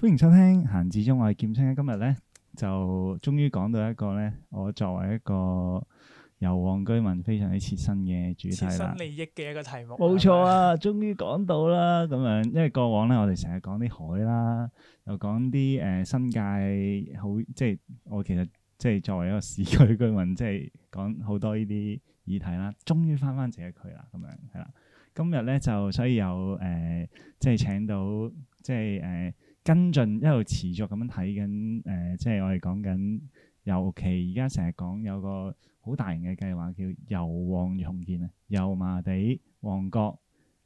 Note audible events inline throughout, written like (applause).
歡迎收聽閒至中，我係劍青。今日咧就終於講到一個咧，我作為一個油旺居民非常之切身嘅主題，切身利益嘅一個題目，冇錯啊！ (laughs) 終於講到啦，咁樣因為過往咧，我哋成日講啲海啦，又講啲誒新界，好即係我其實即係作為一個市區居民，即係講好多呢啲議題啦。終於翻翻自己區啦，咁樣係啦。今日咧就所以有誒、呃，即係請到即係誒。呃跟進一路持續咁樣睇緊，誒、呃，即係我哋講緊，尤其而家成日講有個好大型嘅計劃叫油旺重建啊，油麻地旺角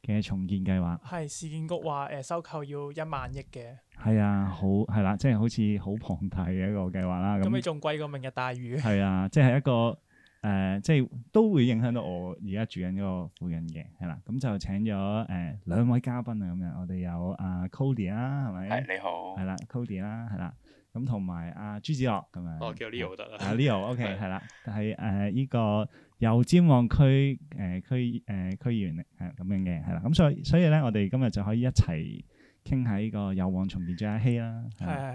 嘅重建計劃。係，市建局話誒、呃、收購要一萬億嘅。係啊，好係啦，即係好似好龐大嘅一個計劃啦。咁你仲貴過明日大嶼？係 (laughs) 啊，即係一個。誒，即係都會影響到我而家住緊個附近嘅，係啦。咁就請咗誒兩位嘉賓啊，咁樣。我哋有阿 Cody 啦，係咪？你好。係啦，Cody 啦，係啦。咁同埋阿朱子洛咁樣。我叫 Leo 得啦。Leo，OK 係啦。但係誒，呢個油尖旺區誒區誒區議員係咁樣嘅，係啦。咁所以所以咧，我哋今日就可以一齊傾喺個油旺重建咗阿希啦。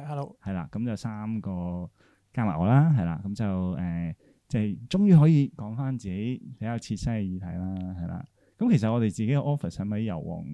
Hello 係啦，咁就三個加埋我啦，係啦，咁就誒。即係終於可以講翻自己比較切身嘅議題啦，係啦。咁其實我哋自己嘅 office 係咪喺油旺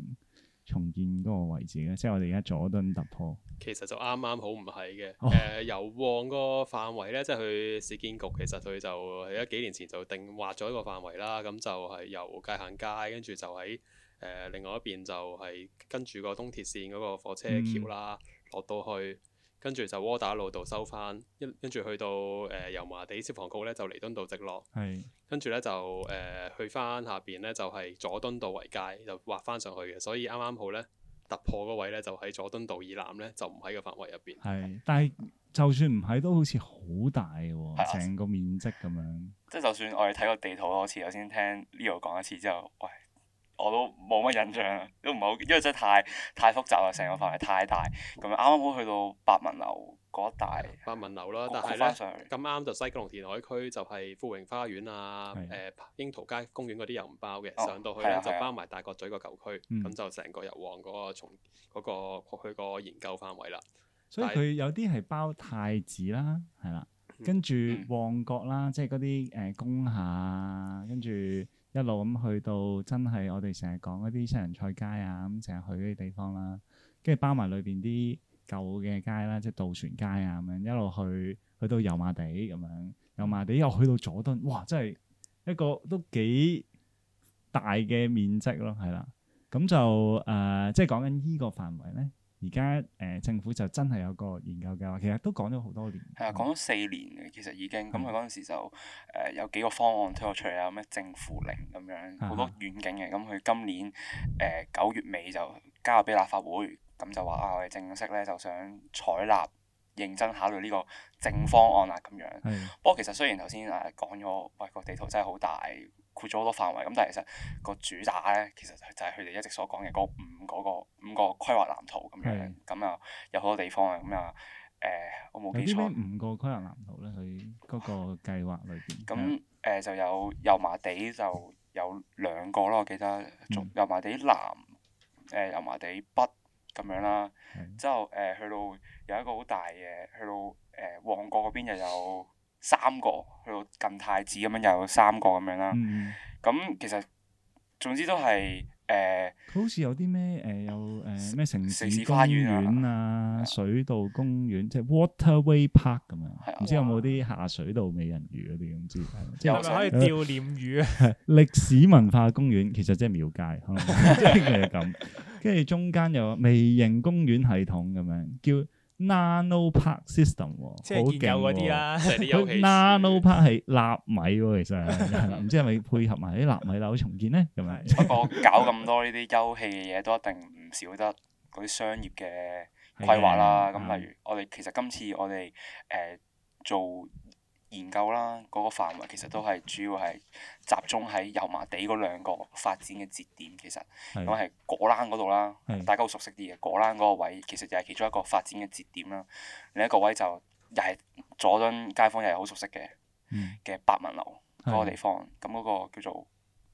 重建嗰個位置咧？即係我哋而家佐敦突破。其實就啱啱好唔係嘅。誒油旺個範圍咧，即係去市建局，其實佢就喺幾年前就定劃咗一個範圍啦。咁就係由界限街，跟住就喺誒、呃、另外一邊，就係跟住個東鐵線嗰個火車橋啦，落、嗯、到去。跟住就窩打老道收翻，一跟住去到誒、呃、油麻地消防局咧，就彌敦道直落。係是跟住咧就誒去翻下邊咧，就係佐、呃就是、敦道為界，就劃翻上去嘅。所以啱啱好咧突破嗰位咧，就喺佐敦道以南咧，就唔喺個範圍入邊。係，但係就算唔喺都好似好大喎、哦，成的個面積咁樣。即係就算我哋睇個地圖多次，我頭先聽 Leo 講一次之後，喂。我都冇乜印象都唔好，因為真係太太複雜啦，成個範圍太大。咁啱啱好去到八文樓嗰一帶，八文樓啦，咁啱、嗯、就西九龍填海區就係富榮花園啊，誒櫻的、呃、桃街公園嗰啲又唔包嘅，哦、上到去咧就包埋大角咀個舊區，咁、嗯、就成個油旺嗰個從嗰個去個研究範圍啦。所以佢有啲係包太子啦，係啦，嗯、跟住旺角啦，即係嗰啲誒工廈，跟住。一路咁去到真係我哋成日講嗰啲西洋菜街啊，咁成日去嗰啲地方啦、啊，跟住包埋裏邊啲舊嘅街啦、啊，即係渡船街啊咁樣一路去去到油麻地咁樣，油麻地又去到佐敦，哇！真係一個都幾大嘅面積咯、啊，係啦，咁就誒、呃、即係講緊依個範圍咧。而家誒政府就真係有個研究嘅，其實都講咗好多年。係啊，講咗四年嘅，其實已經。咁佢嗰陣時就誒、呃、有幾個方案推出出嚟啊，咩正負零咁樣，好多遠景嘅。咁佢、嗯、今年誒九、呃、月尾就交俾立法會，咁就話啊，我哋正式咧就想採納，認真考慮呢個正方案啊，咁樣。不過是的 其實雖然頭先誒講咗，喂、這個地圖真係好大。闊咗好多範圍，咁但係其實個主打咧，其實就係佢哋一直所講嘅五嗰個五個規劃藍圖咁樣，咁啊有好多地方啊咁啊，誒我冇記錯。五個規劃藍圖咧，佢嗰是、呃、個,個計劃裏邊。咁誒、哦是啊呃、就有油麻地就有兩個囉，我記得，從、嗯、油麻地南誒、呃、油麻地北咁樣啦，是啊、之後誒、呃、去到有一個好大嘅，去到誒、呃、旺角嗰邊又有。三個去到近太子咁樣，又有三個咁樣啦。咁、嗯、其實總之都係誒，佢、呃、好似有啲咩誒？有誒咩城市城市公園啊，水道公園，嗯、即係 waterway park 咁樣。唔、嗯、知有冇啲下水道美人魚嗰啲咁之。即係可以釣鯰魚啊？ (laughs) 歷史文化公園其實真係廟街，即係咁。跟住中間有微型公園系統咁樣叫。Nano Park System，即係建有嗰啲啦。佢 Nano Park 係納米喎，其實唔 (laughs) 知係咪配合埋啲納米樓重建咧。咁啊，不過搞咁多呢啲休憩嘅嘢，都一定唔少得嗰啲商業嘅規劃啦。咁例如我哋其實今次我哋誒、呃、做研究啦，嗰，那個範圍其實都係主要係集中喺油麻地嗰兩個發展嘅節點，其實，咁係果欄嗰度啦，的大家好熟悉啲嘅果欄嗰個位，其實就係其中一個發展嘅節點啦。另一個位就是又係佐敦街坊又係好熟悉嘅嘅八文樓嗰個地方。咁嗰的個叫做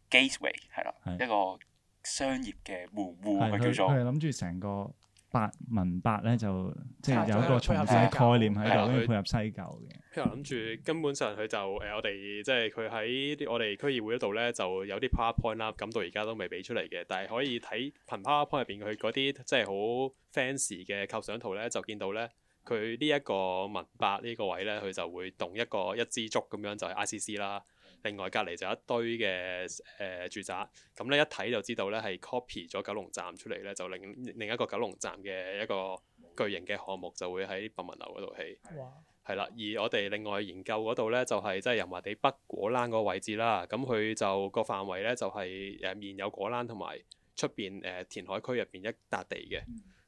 Gateway，係啦，的一個商業嘅門戶，佢的他叫做諗住成個。八文八咧就即係有一個出入嘅概念喺度，已經配合西九嘅。佢諗住根本上佢就誒、呃，我哋即係佢喺我哋區議會嗰度咧，就有啲 PowerPoint 啦。咁到而家都未俾出嚟嘅，但係可以睇憑 PowerPoint 入邊佢嗰啲即係好 fancy 嘅構想圖咧，就見到咧佢呢一個文八呢個位咧，佢就會動一個一支竹咁樣就係 ICC 啦。另外隔離就一堆嘅誒、呃、住宅，咁呢一睇就知道呢係 copy 咗九龍站出嚟呢就另另一個九龍站嘅一個巨型嘅項目就會喺百聞樓嗰度起。係啦哇，而我哋另外研究嗰度呢，就係即係油麻地北果欄個位置啦，咁佢就個範圍呢，就係、係、誒面有果欄同埋出邊誒填海區入邊一笪地嘅，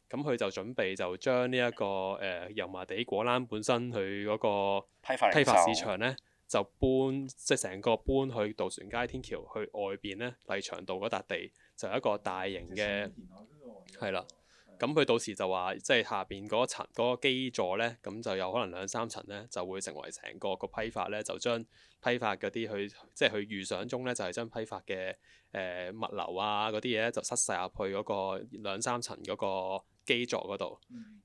咁佢、嗯、就準備就將呢一個誒、呃、油麻地果欄本身佢嗰、嗰個批發,批發市場呢。就搬即係成個搬去渡船街天橋去外邊咧，麗祥道嗰笪地就一個大型嘅係啦。咁佢到時就話即係下邊嗰層嗰、嗰個基座咧，咁就有可能兩三層咧就會成為成個、嗰個批發咧，就將批發嗰啲去即係佢預想中咧，就係、係、將批發嘅誒、呃、物流啊嗰啲嘢咧就塞晒入去嗰個兩三層嗰個基座嗰度，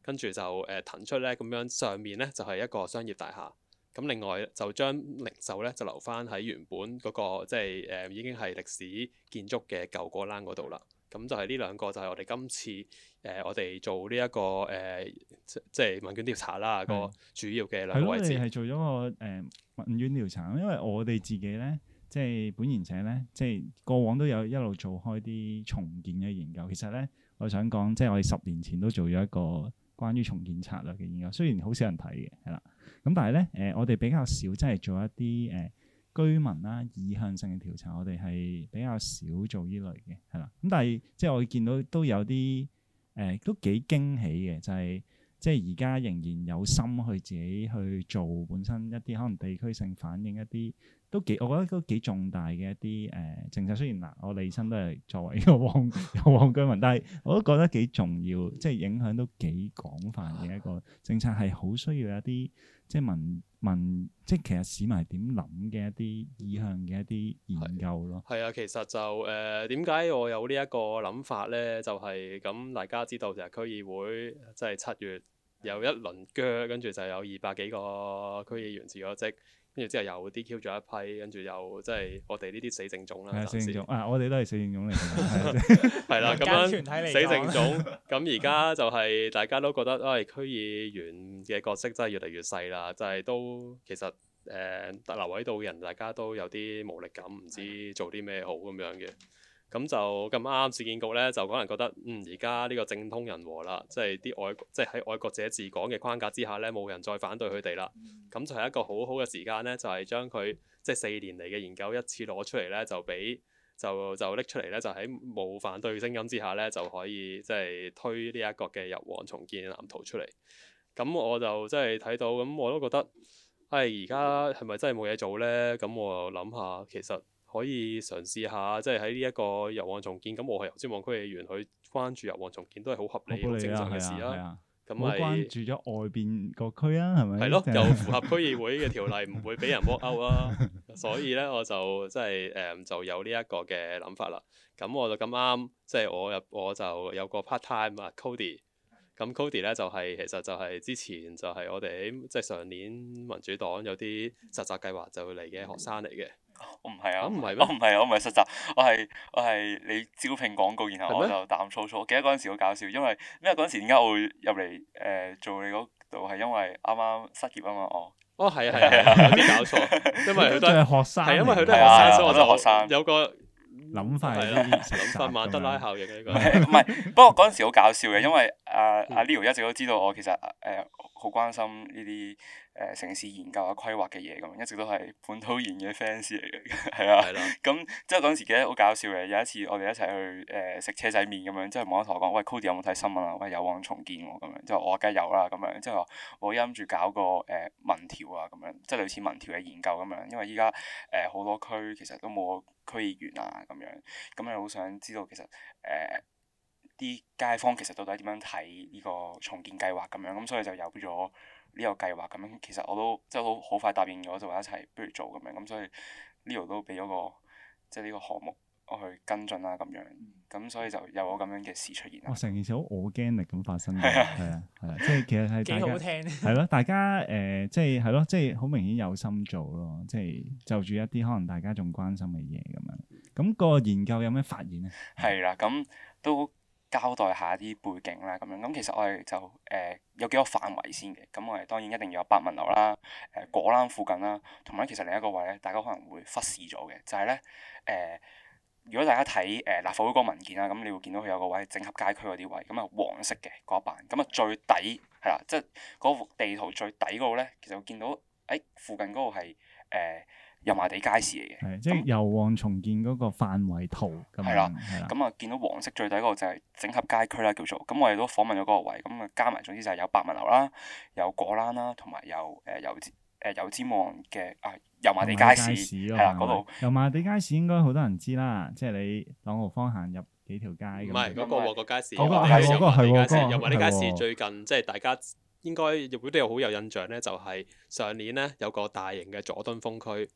跟住就誒騰、呃、出咧咁樣上面咧就係、係、一個商業大廈。咁另外就將零售咧就留翻喺原本嗰，那個即係誒、嗯、已經係歷史建築嘅舊果欄嗰度啦。咁、嗯、就係呢兩個就係我哋今次誒、呃、我哋做呢、這、一個誒、呃、即係問卷調查啦，個主要嘅兩個位置。係做咗、那個誒問、呃、卷調查，因為我哋自己咧即係本研社咧即係過往都有一路做開啲重建嘅研究。其實咧我想講即係我哋十年前都做咗一個。關於重建策略嘅研究，雖然好少人睇嘅，係啦，咁但係咧，誒、呃，我哋比較少即係做一啲誒、呃、居民啦、啊、意向性嘅調查，我哋係比較少做呢類嘅，係啦，咁但係即係我見到都有啲誒、呃、都幾驚喜嘅，就係、是、即係而家仍然有心去自己去做本身一啲可能地區性反映一啲。都幾，我覺得都幾重大嘅一啲誒、呃、政策。雖然嗱，我理身都係作為一個旺旺居民， (laughs) 但係我都覺得幾重要，即係影響都幾廣泛嘅一個政策，係好需要一啲即係民民，即係其實市民點諗嘅一啲意向嘅一啲研究咯。係啊，其實就誒點解我有呢一個諗法咧？就係、是、咁，大家知道就係區議會，即係七月有一輪鋸，跟住就有二百幾個區議員辭咗職。跟住之後又 DQ 咗一批，跟住又即係我哋呢啲死剩種啦。啊、死剩種啊！我哋都係死剩種嚟嘅，係啦咁樣。死剩種咁而家就係大家都覺得，哎，區議員嘅角色真係越嚟越細啦，就係、係、都其實特、呃、留喺度人，大家都有啲無力感，唔知做啲咩好咁樣嘅。咁就咁啱，市建局呢就可能覺得，嗯，而家呢個政通人和啦，即係啲外即係喺外國者治港嘅框架之下呢，冇人再反對佢哋啦。咁就係一個好好嘅時間呢，就係將佢即係四年嚟嘅研究一次攞出嚟呢，就俾就就拎出嚟呢，就喺、是、冇反對聲音之下呢，就可以即係、就是、推呢一個嘅油旺重建藍圖出嚟。咁我就真係睇到，咁我都覺得，唉、哎，而家係咪真係冇嘢做呢？咁我又諗下，其實。可以嘗試下，即係喺呢一個油旺重建，咁我係油尖旺區議員去關注油旺重建都係好合理、好正常嘅事啦、啊。咁係、啊啊就是、關注咗外邊個區啊，係咪？係咯的， (laughs) 又符合區議會嘅條例，唔 (laughs) 會俾人摸勾啊。 (laughs) 所以咧、嗯就是，我就即係誒，就有呢一個嘅諗法啦。咁我就咁啱，即係我入我就有個 part time 啊，Cody。咁 Cody 咧就係其實就係之前就係我哋即係上年民主黨有啲實習計劃就嚟嘅學生嚟嘅。我唔係啊，我唔係咩？我唔係，我唔係實習，我係我係你招聘廣告，然後我就膽粗粗。我記得嗰陣時好搞笑，因為咩？嗰陣時點解我會入嚟誒做你嗰度？係因為啱啱失業啊嘛？哦哦，係啊係啊，啊，有啲搞錯，因為佢都係學生，係因為佢都係學生，有個諗法，諗法馬德拉效應呢個唔係。不過嗰陣時好搞笑嘅，因為阿阿 Leo 一直都知道我其實誒。好關心呢啲誒城市研究啊、規劃嘅嘢咁，一直都係本土研嘅 fans 嚟嘅，係 (laughs) 啊、 (laughs) 嗯。係咯。 (laughs) 咁即係嗰陣時記得好搞笑嘅，有一次我哋一齊去誒、呃、食車仔麵咁樣，即係冇得同我講，喂 Cody 有冇睇新聞啊？喂，有油旺重建喎、啊，咁樣即係我梗係有啦，咁樣即係話我陰住搞個誒、呃、民調啊，咁樣即係類似民調嘅研究咁樣，因為依家誒好多區其實都冇區議員啊，咁樣咁你好想知道其實誒。呃啲街坊其實到底點樣睇呢個重建計劃咁樣，咁所以就有咗呢個計劃咁樣。其實我都即係好快答應咗，就話、是、一齊不如做咁樣。咁所以呢個都俾咗個即係呢個項目我去跟進啦咁樣。咁所以就有咁樣嘅事出現啦。哇、哦！成件事好 organic 咁發生嘅，係啊， (laughs) 係啊，即係、就是、其實係幾好聽。係咯，大家誒，即係係咯，即係好明顯有心做咯，即係就住、是、一啲可能大家仲關心嘅嘢咁樣。咁、那個研究有咩發現咧？係啦，咁都。交代下啲背景啦，咁樣，咁其實我哋就誒、呃、有幾個範圍先嘅，咁我哋當然一定要有百聞樓啦，誒、呃、果欄附近啦，同埋其實另一個位咧，大家可能會忽視咗嘅就係咧誒，如果大家睇誒立法會嗰個文件啦，咁你會見到佢有個位整合街區嗰啲位咁啊，黃色嘅嗰一版，咁啊最底係啦，即係嗰幅地圖最底嗰度咧，其實我見到誒、欸、附近嗰度係誒。呃油麻地街市嚟嘅嘢，即係油旺重建嗰個範圍圖，係啦，咁啊見到黃色最底嗰個就係整合街區啦，叫做，咁我哋都訪問咗嗰個位，咁啊加埋總之就係有百萬樓啦，有果欄啦，同埋有誒油尖誒油尖旺嘅啊油麻地街市，係啦，度油麻地街市應該好多人知啦，即係你朗豪坊行入幾條街，唔係嗰個旺角街市，嗰個係嗰個係喎，油麻地街市最近即係大家應該如果都有好有印象咧，就係上年咧有個大型嘅佐敦封區。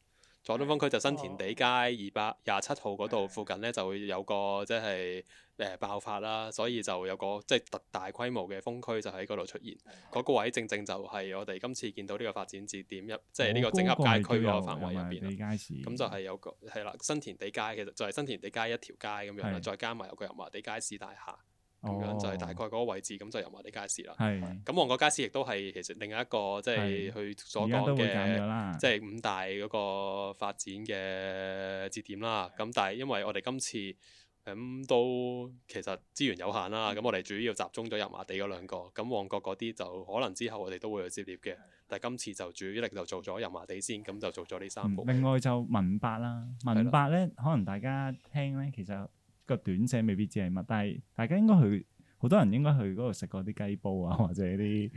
佐敦風區就新田地街二百廿七號嗰度附近呢，就會有個即係誒爆發啦，所以就有個即係特大規模嘅風區就喺嗰度出現。嗰 (laughs) 個位正正就係我哋今次見到呢個發展節點入，即係呢個整合街區嗰個範圍入邊啦。咁就係有個係啦，新田地街其實就係新田地街一條街咁樣啦，是再加埋有個油麻地街市大廈。咁樣就係大概嗰個位置，咁、哦、就油麻地街市啦。係是。咁旺角街市亦都係其實另一個即係、就是、去所講嘅，即係五大嗰個發展嘅節點啦。咁但係因為我哋今次咁、嗯、都其實資源有限啦，咁是我哋主要集中咗油麻地嗰兩個，咁旺角嗰啲就可能之後我哋都會去接連嘅，的但係今次就主要力就做咗油麻地先，咁就做咗呢三個。另外就文百啦，文百呢，的可能大家聽呢其實。個短者未必知係乜，但係大家應該去，好多人應該去嗰度食過啲雞煲啊，或者啲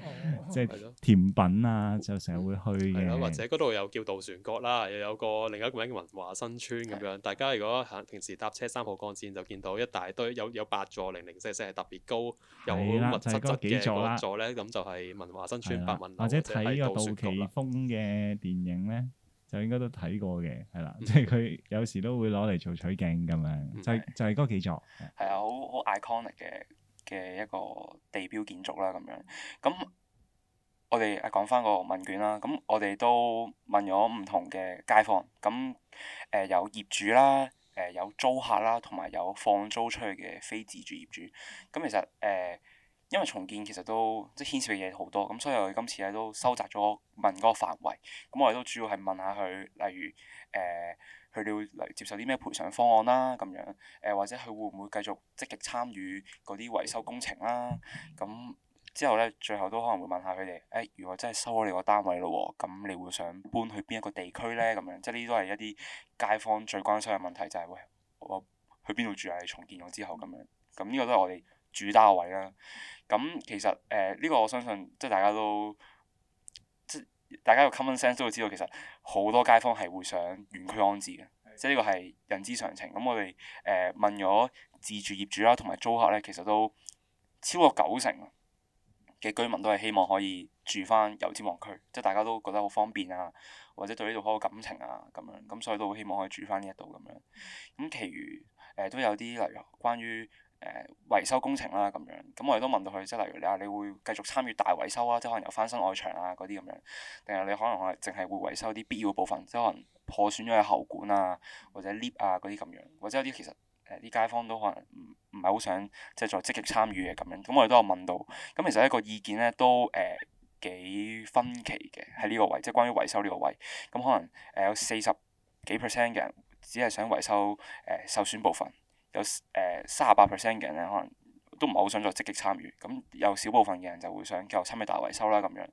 即係甜品啊，嗯、就成日會去。係咯，或者嗰度又叫渡船角啦，又有個另一個名叫文華新村咁樣。對大家如果行平時搭車三號幹線，就見到一大堆有有八座零零舍舍係特別高，有密集質嘅嗰座咧，咁就係、是、文華新村百萬樓對或者睇個杜琪峯嘅電影咧。就應該都睇過嘅，係啦，嗯、即係佢有時都會攞嚟做取景咁樣，就就係嗰幾座，係啊的，好好 iconic 嘅嘅一個地標建築啦咁樣。咁我哋講返個問卷啦，咁我哋都問咗唔同嘅街坊，咁誒、呃、有業主啦，誒、呃、有租客啦，同埋有放租出去嘅非自住業主，咁其實誒。呃因為重建其實都即係牽涉嘅嘢好多，咁所以我哋今次咧都收窄咗問嗰個範圍，咁我哋都主要係問下佢，例如誒佢哋會嚟接受啲咩賠償方案啦、啊，咁樣誒或者佢會唔會繼續積極參與嗰啲維修工程啦、啊？咁之後咧最後都可能會問下佢哋，誒如果真係收咗你個單位咯喎，咁、呃、你會想搬去邊一個地區咧？咁樣，樣即係呢啲都係一啲街坊最關心嘅問題，就係、是、喂我去邊度住啊？你重建咗之後咁樣，咁呢、這個都係我哋。住單位啦，咁其實誒呢、呃這個我相信即係大家都即大家有 common sense 都會知道，其實好多街坊係會想原區安置嘅，的即係呢個係人之常情。咁我哋誒、呃、問咗自住業主啦、啊，同埋租客咧，其實都超過九成嘅居民都係希望可以住翻油尖旺區，即係大家都覺得好方便啊，或者對呢度好有感情啊咁樣，咁所以都好希望可以住翻呢一度咁樣。咁，其餘誒都有啲例如關於。誒、呃、維修工程啦、啊、咁樣，咁我哋都問到佢，即係例如你話你會繼續參與大維修啊，即係可能翻新外牆啊嗰啲咁樣，定係你可能係淨係會維修啲必要部分，即係可能破損咗嘅喉管啊或者 𨋢 啊嗰啲咁樣，或者有啲其實誒啲、呃、街坊都可能唔唔係好想即係再積極參與嘅咁樣，咁我哋都有問到，咁其實一個意見咧都誒、呃、幾分歧嘅喺呢個位，即係關於維修呢個位，咁可能誒有四十幾 percent 嘅人只係想維修誒、呃、受損部分。有誒三十八 percent 嘅人咧，可能都唔係好想再積極參與。咁有少部分嘅人就會想繼續參與大維修啦咁樣，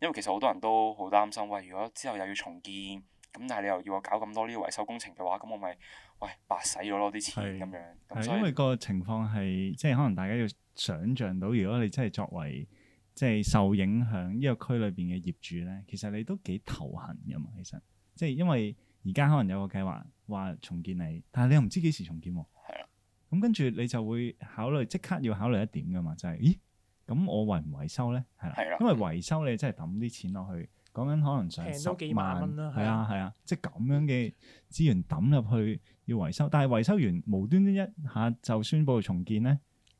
因為其實好多人都好擔心，喂，如果之後又要重建，咁但係你又要我搞咁多呢個維修工程嘅話，咁我咪喂白使咗咯啲錢咁是樣。樣是所以因為個情況係即係可能大家要想像到，如果你真係作為即係、就是、受影響呢個區裏邊嘅業主咧，其實你都幾頭痕㗎嘛。其實即係因為而家可能有個計劃。話重建你，但係你又唔知幾時重建喎。係啊，咁的跟住你就會考慮即刻要考慮一點噶嘛，就係、是、咦，咁我維唔維修咧？係啦，的因為維修你真係抌啲錢落去，講緊可能成十幾萬蚊啦。係啊，係啊，即係咁樣嘅資源抌入去要維修，但係維修完無端端一下就宣佈重建咧。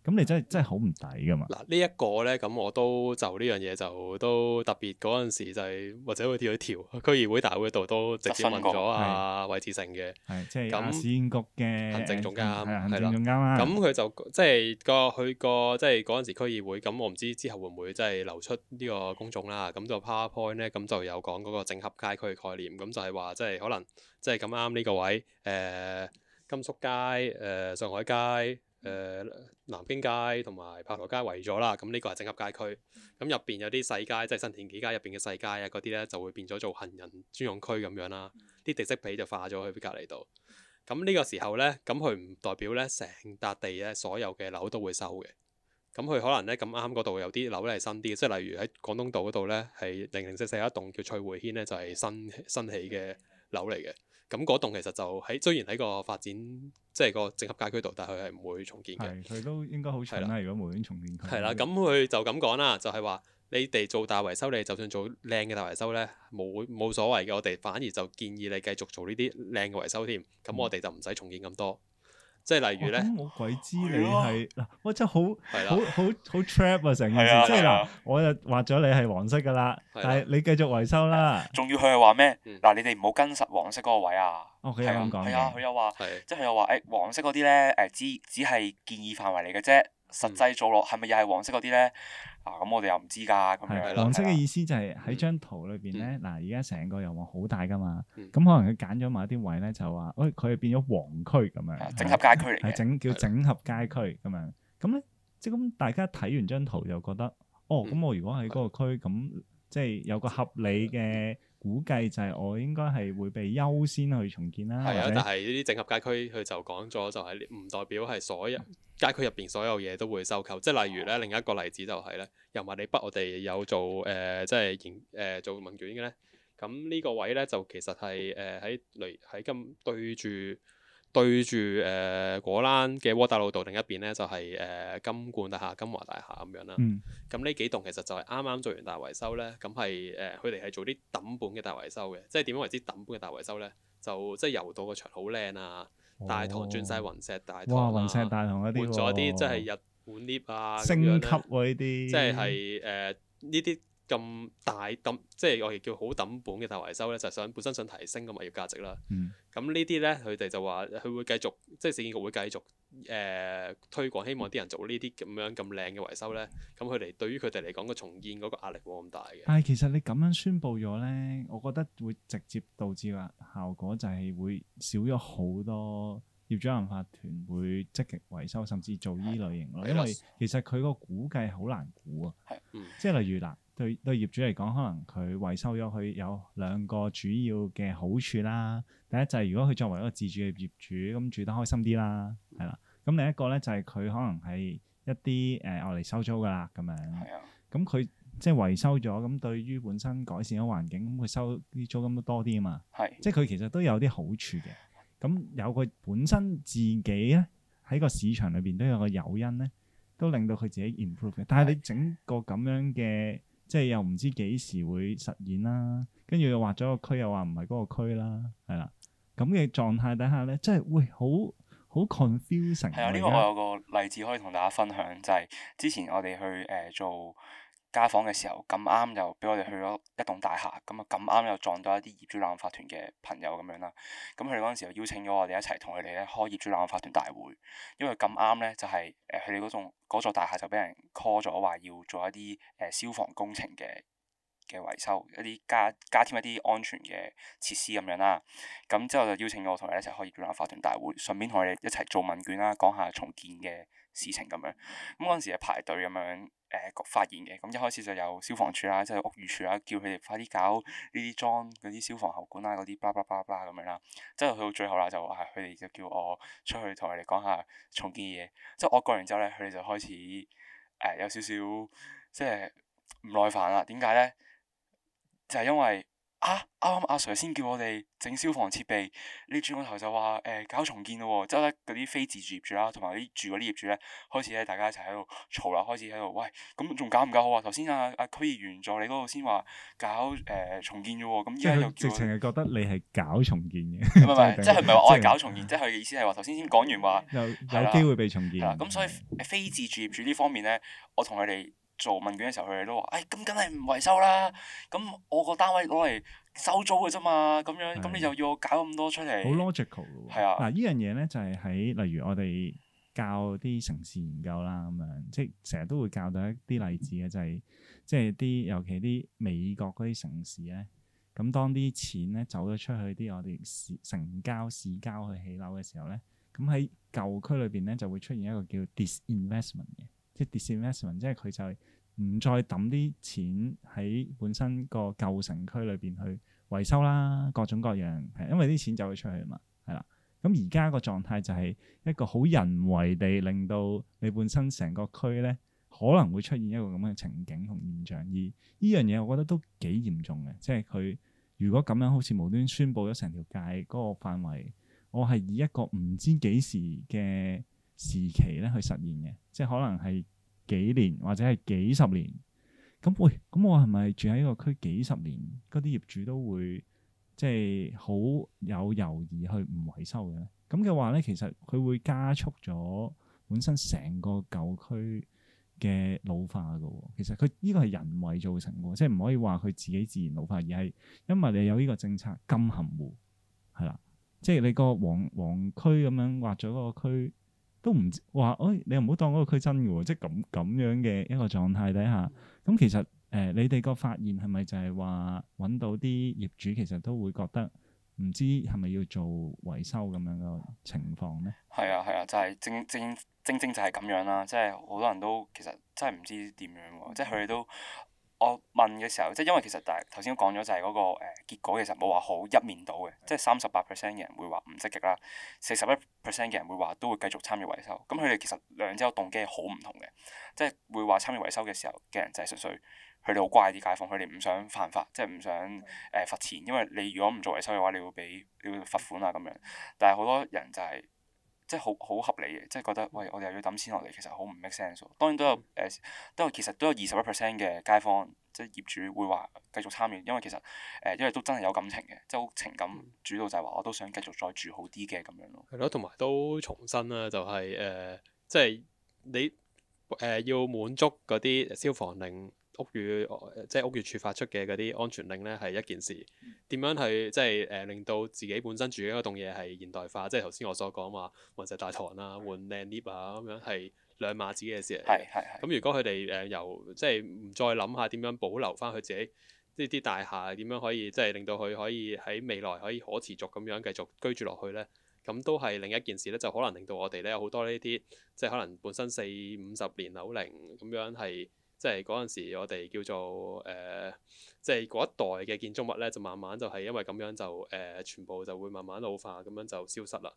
咁你真係真係好唔抵噶嘛？嗱，呢一個呢，咁我都就呢樣嘢就都特別嗰陣時就係、是、或者會調一調區議會大會度都直接問咗阿韋志成嘅，即係咁。市建局嘅行政總監係啦，咁佢的就即係個去個即係嗰陣時區議會咁，我唔知之後會唔會即係流出呢個公眾啦。咁、那、就、個、powerpoint 呢，咁就有講嗰個整合街區概念，咁就係話即係可能即係咁啱呢個位誒甘肅街誒、呃、上海街。誒、呃、南京街同埋炮台街圍咗啦，咁、這、呢個係整合街區，咁入邊有啲細街，即係新填地街入邊嘅細街啊，嗰啲呢，就會變咗做行人專用區咁樣啦，啲地積比就化咗去隔離度。咁、這、呢個時候呢，咁佢唔代表呢成笪地咧所有嘅樓都會收嘅，咁佢可能呢，咁啱嗰度有啲樓咧係新啲即係例如喺廣東道嗰度呢，係零零細細有一棟叫翠匯軒呢，就係新新起嘅樓嚟嘅。咁嗰棟其實就喺雖然喺個發展即係個整合街區度，但係佢係唔會重建嘅。佢都應該好蠢啦！的如果無端重建佢。係啦的，咁佢為就咁講啦，就係話你哋做大維修，你就算做靚嘅大維修呢，冇冇所謂嘅。我哋反而就建議你繼續做呢啲靚嘅維修添。咁，嗯，我哋就唔使重建咁多。即係例如咧，我鬼、哦、知你係，我的真係的好，好好好 trap 啊，成件事，即係嗱，的我就話咗你係黃色噶啦，的但係你繼續維修啦，仲要佢係話咩？嗱、嗯，你哋唔好跟實黃色嗰個位啊，哦，佢有咁講，係啊，佢又話，即係佢又話，誒的、哎、黃色嗰啲咧，誒只只係建議範圍嚟嘅啫，實際做落係咪又係黃色嗰啲咧？咁、啊、我哋又唔知噶，咁樣啦。黃色嘅意思就係喺張圖裏邊咧，嗱、嗯，而家成個油旺好大噶嘛，咁、嗯、可能佢揀咗某啲位咧，就話，喂，佢變咗黃區咁樣，嗯、是整合街區嚟嘅，整叫整合街區咁樣。咁咧，即係咁，大家睇完張圖就覺得，嗯、哦，咁我如果喺嗰個區，咁、嗯、即係有個合理嘅。估計就係我應該係會被優先去重建啦。係啊，但係呢啲整合街區佢就講咗，就係唔代表係所有街區入邊所有嘢都會收購。即係例如咧，另一個例子就係、是、咧，由物你筆我哋有做誒，即、呃、係、就是呃、做問卷嘅咧。咁呢個位咧就其實係誒喺雷喺咁對住。對住誒、呃、果欄嘅窩打老道另一邊咧，就係、是、誒、呃、金冠大廈、金華大廈咁樣啦。咁呢、嗯、幾棟其實就係啱啱做完大維修咧。咁係誒，佢哋係做啲揼本嘅大維修嘅。即係點樣為之揼本嘅大維修咧？就即係油到個場好靚啊，哦、大堂轉晒雲石大堂啊，換咗啲即係日本 lift 啊，啊升級喎、啊、啲，些即係係誒呢啲咁大揼，即、就、係、是、我哋叫好揼本嘅大維修咧，就係、是、想本身想提升個物業價值啦、啊。嗯咁呢啲咧，佢哋就話佢會繼續，即係市建局會繼續誒、呃、推廣，希望啲人做呢啲咁樣咁靚嘅維修咧。咁佢哋對於佢哋嚟講個重建嗰個壓力冇咁大嘅。但係其實你咁樣宣布咗咧，我覺得會直接導致話效果就係會少咗好多業主、法團會積極維修，甚至做呢類型咯。因為其實佢個估計好難估啊。係的，嗯、即係例如嗱。對對，對業主嚟講，可能佢維修咗，佢有兩個主要嘅好處啦。第一就係如果佢作為一個自住嘅業主，咁住得開心啲啦，係啦。咁另一個呢就係、是、佢可能係一啲誒外嚟收租㗎啦，咁樣。係啊是的。咁佢即係維修咗，咁對於本身改善咗環境，咁佢收啲租金都多啲啊嘛。係。是的 即係佢其實都有啲好處嘅。咁有佢本身自己呢喺個市場裏邊都有個誘因呢，都令到佢自己 improve 嘅。但係你整個咁樣嘅。即係又唔知幾時會實現啦，跟住又劃咗個,個區，又話唔係嗰個區啦，係啦，咁嘅狀態底下咧，即係會好好 confusing。係啊，呢個我有個例子可以同大家分享，就係、是、之前我哋去誒、呃、做。家訪嘅時候咁啱就俾我哋去咗一棟大廈，咁啊咁啱又撞到一啲業主立案法團嘅朋友咁樣啦。咁佢哋嗰陣時就邀請咗我哋一齊同佢哋咧開業主立案法團大會，因為咁啱咧就係誒佢哋嗰棟座大廈就俾人 call 咗話要做一啲誒消防工程嘅嘅維修，一啲加加添一啲安全嘅設施咁樣啦。咁之後就邀請我同佢一齊開業主立案法團大會，順便同佢哋一齊做問卷啦，講下重建嘅。事情咁樣，咁嗰陣時係排隊咁樣誒、呃、發現嘅，咁一開始就有消防處啦，即、就、係、是、屋宇署啦，叫佢哋快啲搞呢啲裝嗰啲消防喉管、啊、啦，嗰啲巴巴巴巴咁樣啦，之後去到最後啦，就話佢哋就叫我出去同佢哋講下重建嘢，即係我過完之後咧，佢哋就開始誒、呃、有少少即係唔耐煩啦，點解咧？就係、是、因為。啊！啱啱阿 Sir 先叫我哋整消防設備，你轉個頭就話誒、欸、搞重建咯，即係嗰啲非自住業主啦、啊，同埋啲住嗰啲業主咧，開始咧大家一齊喺度嘈啦，開始喺度喂，咁仲搞唔搞好啊？頭先阿阿區議員在你嗰度先話搞誒、呃、重建啫，咁依家又叫直情係覺得你係搞重建嘅，唔係唔係，即係唔係話我係搞重建，即係佢嘅意思係話頭先先講完話有有機會被重建，咁所，所以非自住業主呢方面咧，我同佢哋。做問卷嘅時候，佢哋都話：誒、哎，咁梗係唔維修啦。咁我個單位攞嚟收租嘅啫嘛。咁樣，咁你又要我搞咁多出嚟？好 logical 喎。係啊。嗱，呢樣嘢咧就係喺例如我哋教啲城市研究啦，咁樣，即係成日都會教到一啲例子嘅，就係即係啲，尤其啲美國嗰啲城市咧。咁當啲錢咧走咗出去啲我哋市城郊市郊去起樓嘅時候咧，咁喺舊區裏邊咧就會出現一個叫 disinvestment 嘅。啲 disinvestment，即係佢就係唔再抌啲錢喺本身個舊城區裏邊去維修啦，各種各樣，因為啲錢就會出去嘛，係啦。咁而家個狀態就係一個好人為地令到你本身成個區咧可能會出現一個咁嘅情景同現象，而呢樣嘢我覺得都幾嚴重嘅，即係佢如果咁樣好似無端端宣布咗成條街嗰個範圍，我係以一個唔知幾時嘅時期咧去實現嘅，即係可能係幾年或者係幾十年。咁喂，咁我係咪住喺個區幾十年，嗰啲業主都會即係好有猶豫去唔維修嘅？咁嘅話咧，其實佢會加速咗本身成個舊區嘅老化㗎喎。其實佢呢、這個係人為造成嘅，即係唔可以話佢自己自然老化，而係因為你有呢個政策咁含糊係啦，即係你個黃黃區咁樣劃咗個區。都唔話，誒、哎、你又唔好當嗰個區真嘅喎，即係咁咁樣嘅一個狀態底下，咁其實誒、呃、你哋個發現係咪就係話揾到啲業主其實都會覺得唔知係咪要做維修咁樣嘅情況咧？係啊係啊，就係正正正正就係咁樣啦，即係好多人都其實真係唔知點樣喎，即係佢哋都。我問嘅時候，即係因為其實大頭先講咗就係嗰、那個誒、呃、結果，其實冇話好一面倒嘅，即係三十八 percent 嘅人會話唔積極啦，四十一 percent 嘅人會話都會繼續參與維修。咁佢哋其實兩者動機係好唔同嘅，即係會話參與維修嘅時候嘅人就係純粹佢哋好乖啲解放，佢哋唔想犯法，即係唔想誒罰、呃、錢，因為你如果唔做維修嘅話，你會俾你會罰款啊咁樣。但係好多人就係、是。即係好好合理嘅，即係覺得喂，我哋又要抌錢落嚟，其實好唔 make sense。當然都有誒，都、嗯呃、其實都有二十一 percent 嘅街坊即係業主會話繼續參與，因為其實誒、呃，因為都真係有感情嘅，即係情感、嗯、主導就係話我都想繼續再住好啲嘅咁樣咯。係咯，同埋都重申啦、就係呃，就係、是、誒，即係你誒要滿足嗰啲消防令。屋宇即係屋宇署發出嘅嗰啲安全令呢，係一件事。點樣去？即係誒、呃、令到自己本身住嘅嗰棟嘢係現代化？即係頭先我所講話，雲石大堂啊、換靚 lift 啊咁樣，係兩碼子嘅事。嚟。係係。咁如果佢哋誒由即係唔再諗下點樣保留翻佢自己即係啲大廈點樣可以即係令到佢可以喺未來可以可持續咁樣繼續居住落去呢？咁都係另一件事呢，就可能令到我哋呢，有好多呢啲即係可能本身四五十年樓齡咁樣係。即係嗰陣時，我哋叫做誒、呃，即係嗰一代嘅建築物呢，就慢慢就係因為咁樣就誒、呃，全部就會慢慢老化，咁樣就消失啦。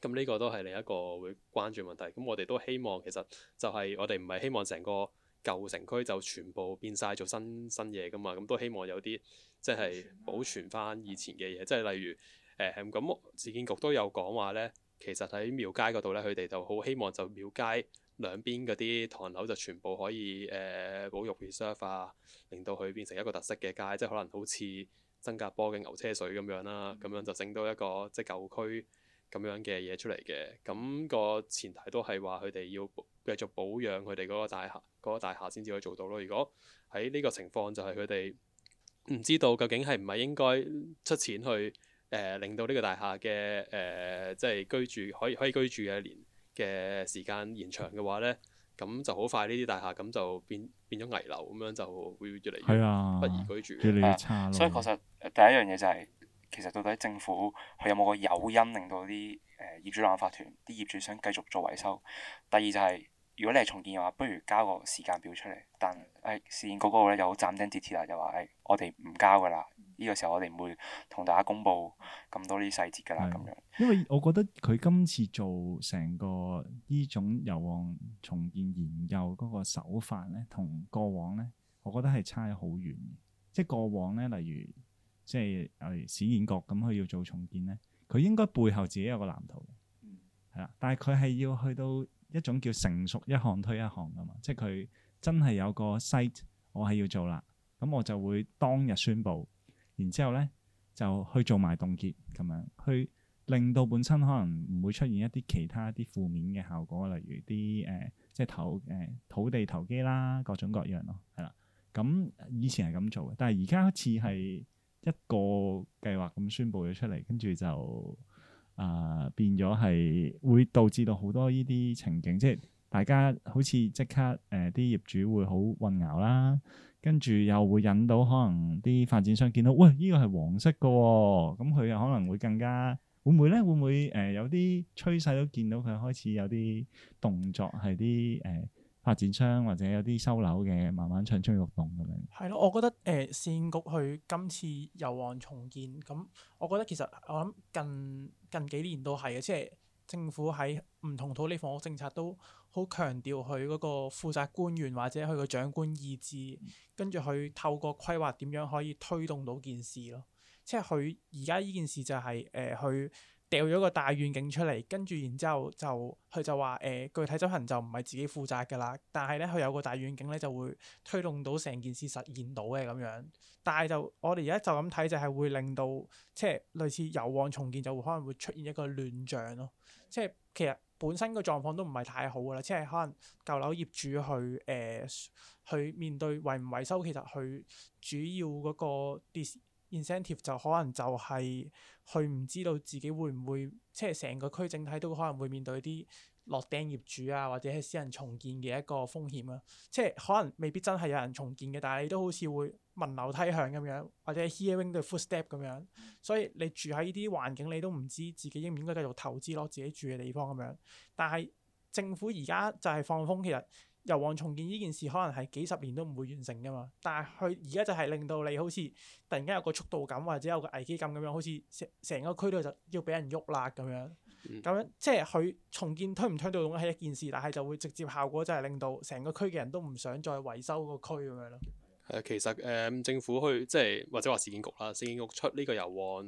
咁呢、嗯、個都係另一個會關注問題。咁我哋都希望其實就係我哋唔係希望成個舊城區就全部變晒做新新嘢噶嘛。咁都希望有啲即係保存翻以前嘅嘢。啊、即係例如誒咁、呃，市建局都有講話呢，其實喺廟街嗰度呢，佢哋就好希望就廟街。兩邊嗰啲唐樓就全部可以誒、呃、保育 reserve 啊，令到佢變成一個特色嘅街，即係可能好似新加坡嘅牛車水咁樣啦，咁、嗯、樣就整到一個即係舊區咁樣嘅嘢出嚟嘅。咁、嗰個前提都係話佢哋要繼續保養佢哋嗰個大廈，嗰個大廈先至可以做到咯。如果喺呢個情況就係佢哋唔知道究竟係唔係應該出錢去誒、呃、令到呢個大廈嘅誒即係居住可以可以居住嘅一年嘅時間延長嘅話咧，咁就好快呢啲大廈咁就變變咗危樓，咁樣就會越嚟越係啊，不宜居住越嚟越差。所以確實第一樣嘢就係、是、其實到底政府佢有冇個誘因令到啲誒、呃、業主立案法團啲業主想繼續做維修？第二就係、是、如果你係重建嘅話，不如交個時間表出嚟。但誒、哎、市建局嗰個咧又好斬釘截鐵啦，又話誒我哋唔交㗎啦。呢個時候，我哋唔會同大家公布咁多呢啲細節㗎啦。咁樣，因為我覺得佢今次做成個呢種油旺重建研究嗰個手法咧，同過往咧，我覺得係差好遠嘅。即係過往咧，例如即係例如市建局咁，佢要做重建咧，佢應該背後自己有個藍圖，係啦、嗯。但係佢係要去到一種叫成熟一項推一項㗎嘛，即係佢真係有個 site，我係要做啦，咁我就會當日宣布。然之後咧，就去做埋凍結咁樣，去令到本身可能唔會出現一啲其他啲負面嘅效果，例如啲誒、呃、即係投誒、呃、土地投機啦，各種各樣咯，係啦。咁以前係咁做嘅，但係而家似係一個計劃咁宣佈咗出嚟，跟住就啊、呃、變咗係會導致到好多呢啲情景，即係大家好似即刻誒啲、呃、業主會好混淆啦。.跟住又會引到可能啲發展商見到，喂，呢、這個係黃色嘅、哦，咁佢又可能會更加會唔會咧？會唔會誒、呃、有啲趨勢都見到佢開始有啲動作，係啲誒發展商或者有啲收樓嘅，慢慢蠢蠢欲動咁樣。係咯，我覺得誒善、呃、局佢今次油旺重建，咁我覺得其實我諗近近幾年都係嘅，即係政府喺唔同土地房屋政策都。好強調佢嗰個負責官員或者佢個長官意志，跟住佢透過規劃點樣可以推動到件事咯。即係佢而家依件事就係、是、誒，佢掉咗個大願景出嚟，跟住然之後就佢就話誒、呃，具體執行就唔係自己負責㗎啦。但係咧，佢有個大願景咧，就會推動到成件事實現到嘅咁樣。但係就我哋而家就咁睇，就係會令到即係類似油旺重建，就會可能會出現一個亂象咯。即係其實。本身個狀況都唔係太好噶啦，即係可能舊樓業主去誒去、呃、面對維唔維修，其實佢主要嗰個 disincentive 就可能就係佢唔知道自己會唔會，即係成個區整體都可能會面對啲落釘業主啊，或者係私人重建嘅一個風險啊，即係可能未必真係有人重建嘅，但係你都好似會。聞樓梯響咁樣，或者 hearing the footstep 咁樣，所以你住喺呢啲環境，你都唔知自己應唔應該繼續投資落自己住嘅地方咁樣。但係政府而家就係放風，其實油旺重建呢件事可能係幾十年都唔會完成噶嘛。但係佢而家就係令到你好似突然間有個速度感或者有個危機感咁樣，好似成成個區都就要俾人喐啦咁樣。咁樣即係佢重建推唔推到用係一件事，但係就會直接效果就係令到成個區嘅人都唔想再維修個區咁樣咯。係，其實誒、嗯、政府去即係或者話市建局啦，市建局出呢個油旺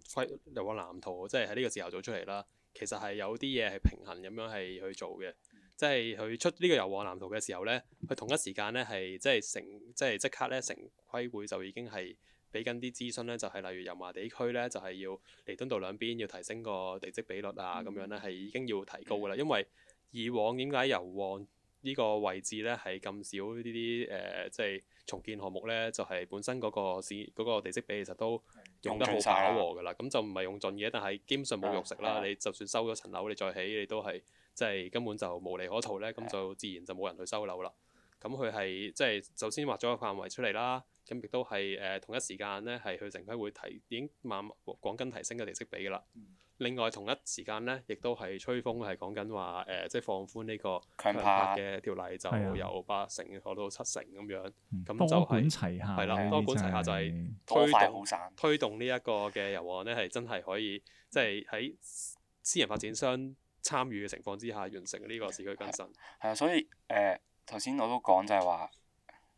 規油旺藍圖，即係喺呢個時候做出嚟啦。其實係有啲嘢係平衡咁樣係去做嘅，即係佢出呢個油旺藍圖嘅時候呢，佢同一時間呢係即係成即係即刻呢城規會就已經係俾緊啲諮詢呢。就係、是、例如油麻地區呢，就係、是、要彌敦道兩邊要提升個地積比率啊，咁、嗯、樣呢係已經要提高㗎喇。因為以往點解油旺呢個位置呢係咁少呢啲誒即係？呃就是重建項目呢，就係本身嗰個市嗰個地積比其實都用得好飽和噶啦，咁就唔係用盡嘅，但係基本上冇肉食啦。你就算收咗層樓，你再起，你都係即係根本就無利可圖呢。咁就自然就冇人去收樓啦。咁佢係即係首先劃咗個範圍出嚟啦。咁亦都係誒同一時間呢，係佢城規會提已經慢慢講緊提升嘅地積比㗎喇。嗯、另外同一時間呢，亦都係吹風係講緊話誒，即係放寬呢、呢個強拍嘅條例，就由八成降到七成咁樣。咁、嗯、就係係啦，多管、啊、管齊下，就係推動好推動呢一個嘅油旺呢，係真係可以即係喺私人發展商參與嘅情況之下完成呢個市區更新。係啊，所以誒頭先我都講就係話。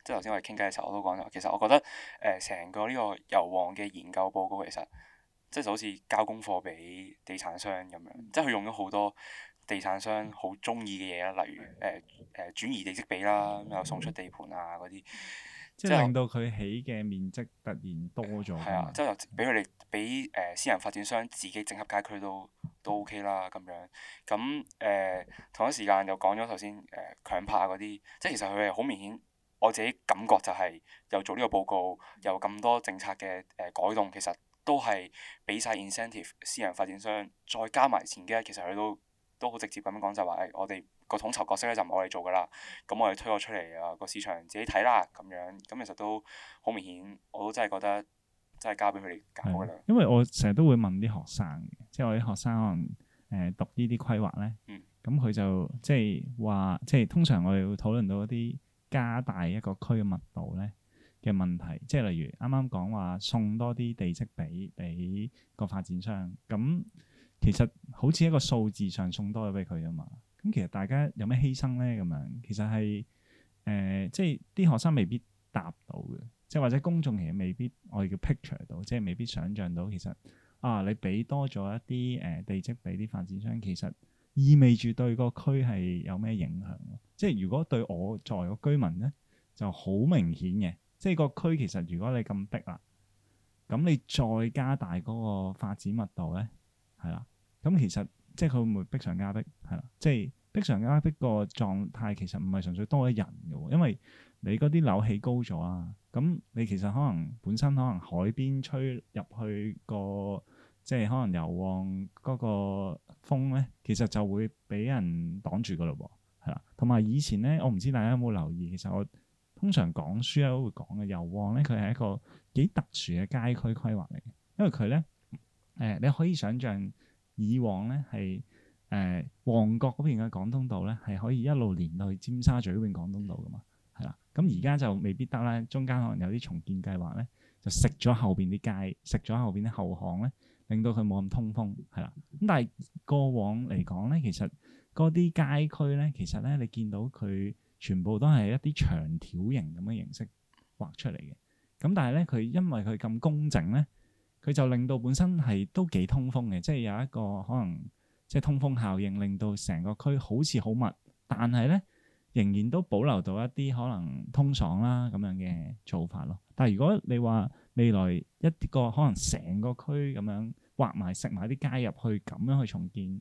即係頭先，我哋傾偈嘅時候，我都講咗。其實我覺得誒，成、呃、個呢個油旺嘅研究報告，其實即係就好似交功課俾地產商咁樣，嗯、即係佢用咗好多地產商好中意嘅嘢啦，例如誒誒、呃呃、轉移地積比啦，咁又送出地盤啊嗰啲，即係令到佢起嘅面積突然多咗。係後、呃、啊，即係又俾佢哋俾誒私人發展商自己整合街區都都 O、OK、K 啦。咁樣咁誒、呃、同一時間又講咗頭先誒強拍嗰啲，即係其實佢係好明顯。我自己感覺就係、是、又做呢個報告，又咁多政策嘅誒、呃、改動，其實都係俾晒 incentive 私人發展商，再加埋前幾日，其實佢都都好直接咁樣講，就話、是、誒、哎、我哋個統籌角色咧就唔係我哋做㗎啦，咁我哋推咗出嚟啊個市場自己睇啦咁樣，咁其實都好明顯，我都真係覺得真係交俾佢哋搞㗎啦。因為我成日都會問啲學生嘅，即係我啲學生可能誒讀呢啲規劃咧，咁佢、嗯、就即係話，即係通常我哋會討論到一啲。加大一個區嘅密度咧嘅問題，即係例如啱啱講話送多啲地積比俾個發展商，咁其實好似一個數字上送多咗俾佢啊嘛。咁其實大家有咩犧牲咧？咁樣其實係誒、呃，即係啲學生未必答到嘅，即係或者公眾其實未必我哋叫 picture 到，即係未必想像到其實啊，你俾多咗一啲誒、呃、地積比俾啲發展商其實。意味住對個區係有咩影響？即係如果對我作為個居民呢就好明顯嘅。即係個區其實如果你咁逼啦，咁你再加大嗰個發展密度呢，係啦。咁其實即係佢會唔會逼上加逼？係啦，即係逼上加逼個狀態其實唔係純粹多咗人嘅，因為你嗰啲樓起高咗啊。咁你其實可能本身可能海邊吹入去個。即係可能油旺嗰個風咧，其實就會俾人擋住噶咯，係啦。同埋以前咧，我唔知大家有冇留意，其實我通常講書咧都會講嘅油旺咧，佢係一個幾特殊嘅街區規劃嚟嘅，因為佢咧誒，你可以想象以往咧係誒旺角嗰邊嘅廣東道咧係可以一路連到去尖沙咀永廣東道噶嘛，係啦。咁而家就未必得啦，中間可能有啲重建計劃咧，就食咗後邊啲街，食咗後邊啲後巷咧。令到佢冇咁通風，係啦。咁但係過往嚟講咧，其實嗰啲街區咧，其實咧你見到佢全部都係一啲長條形咁嘅形式畫出嚟嘅。咁但係咧，佢因為佢咁工整咧，佢就令到本身係都幾通風嘅，即係有一個可能即係通風效應，令到成個區好似好密，但係咧。仍然都保留到一啲可能通爽啦咁樣嘅做法咯。但係如果你話未來一個可能成個區咁樣畫埋食埋啲街入去咁樣去重建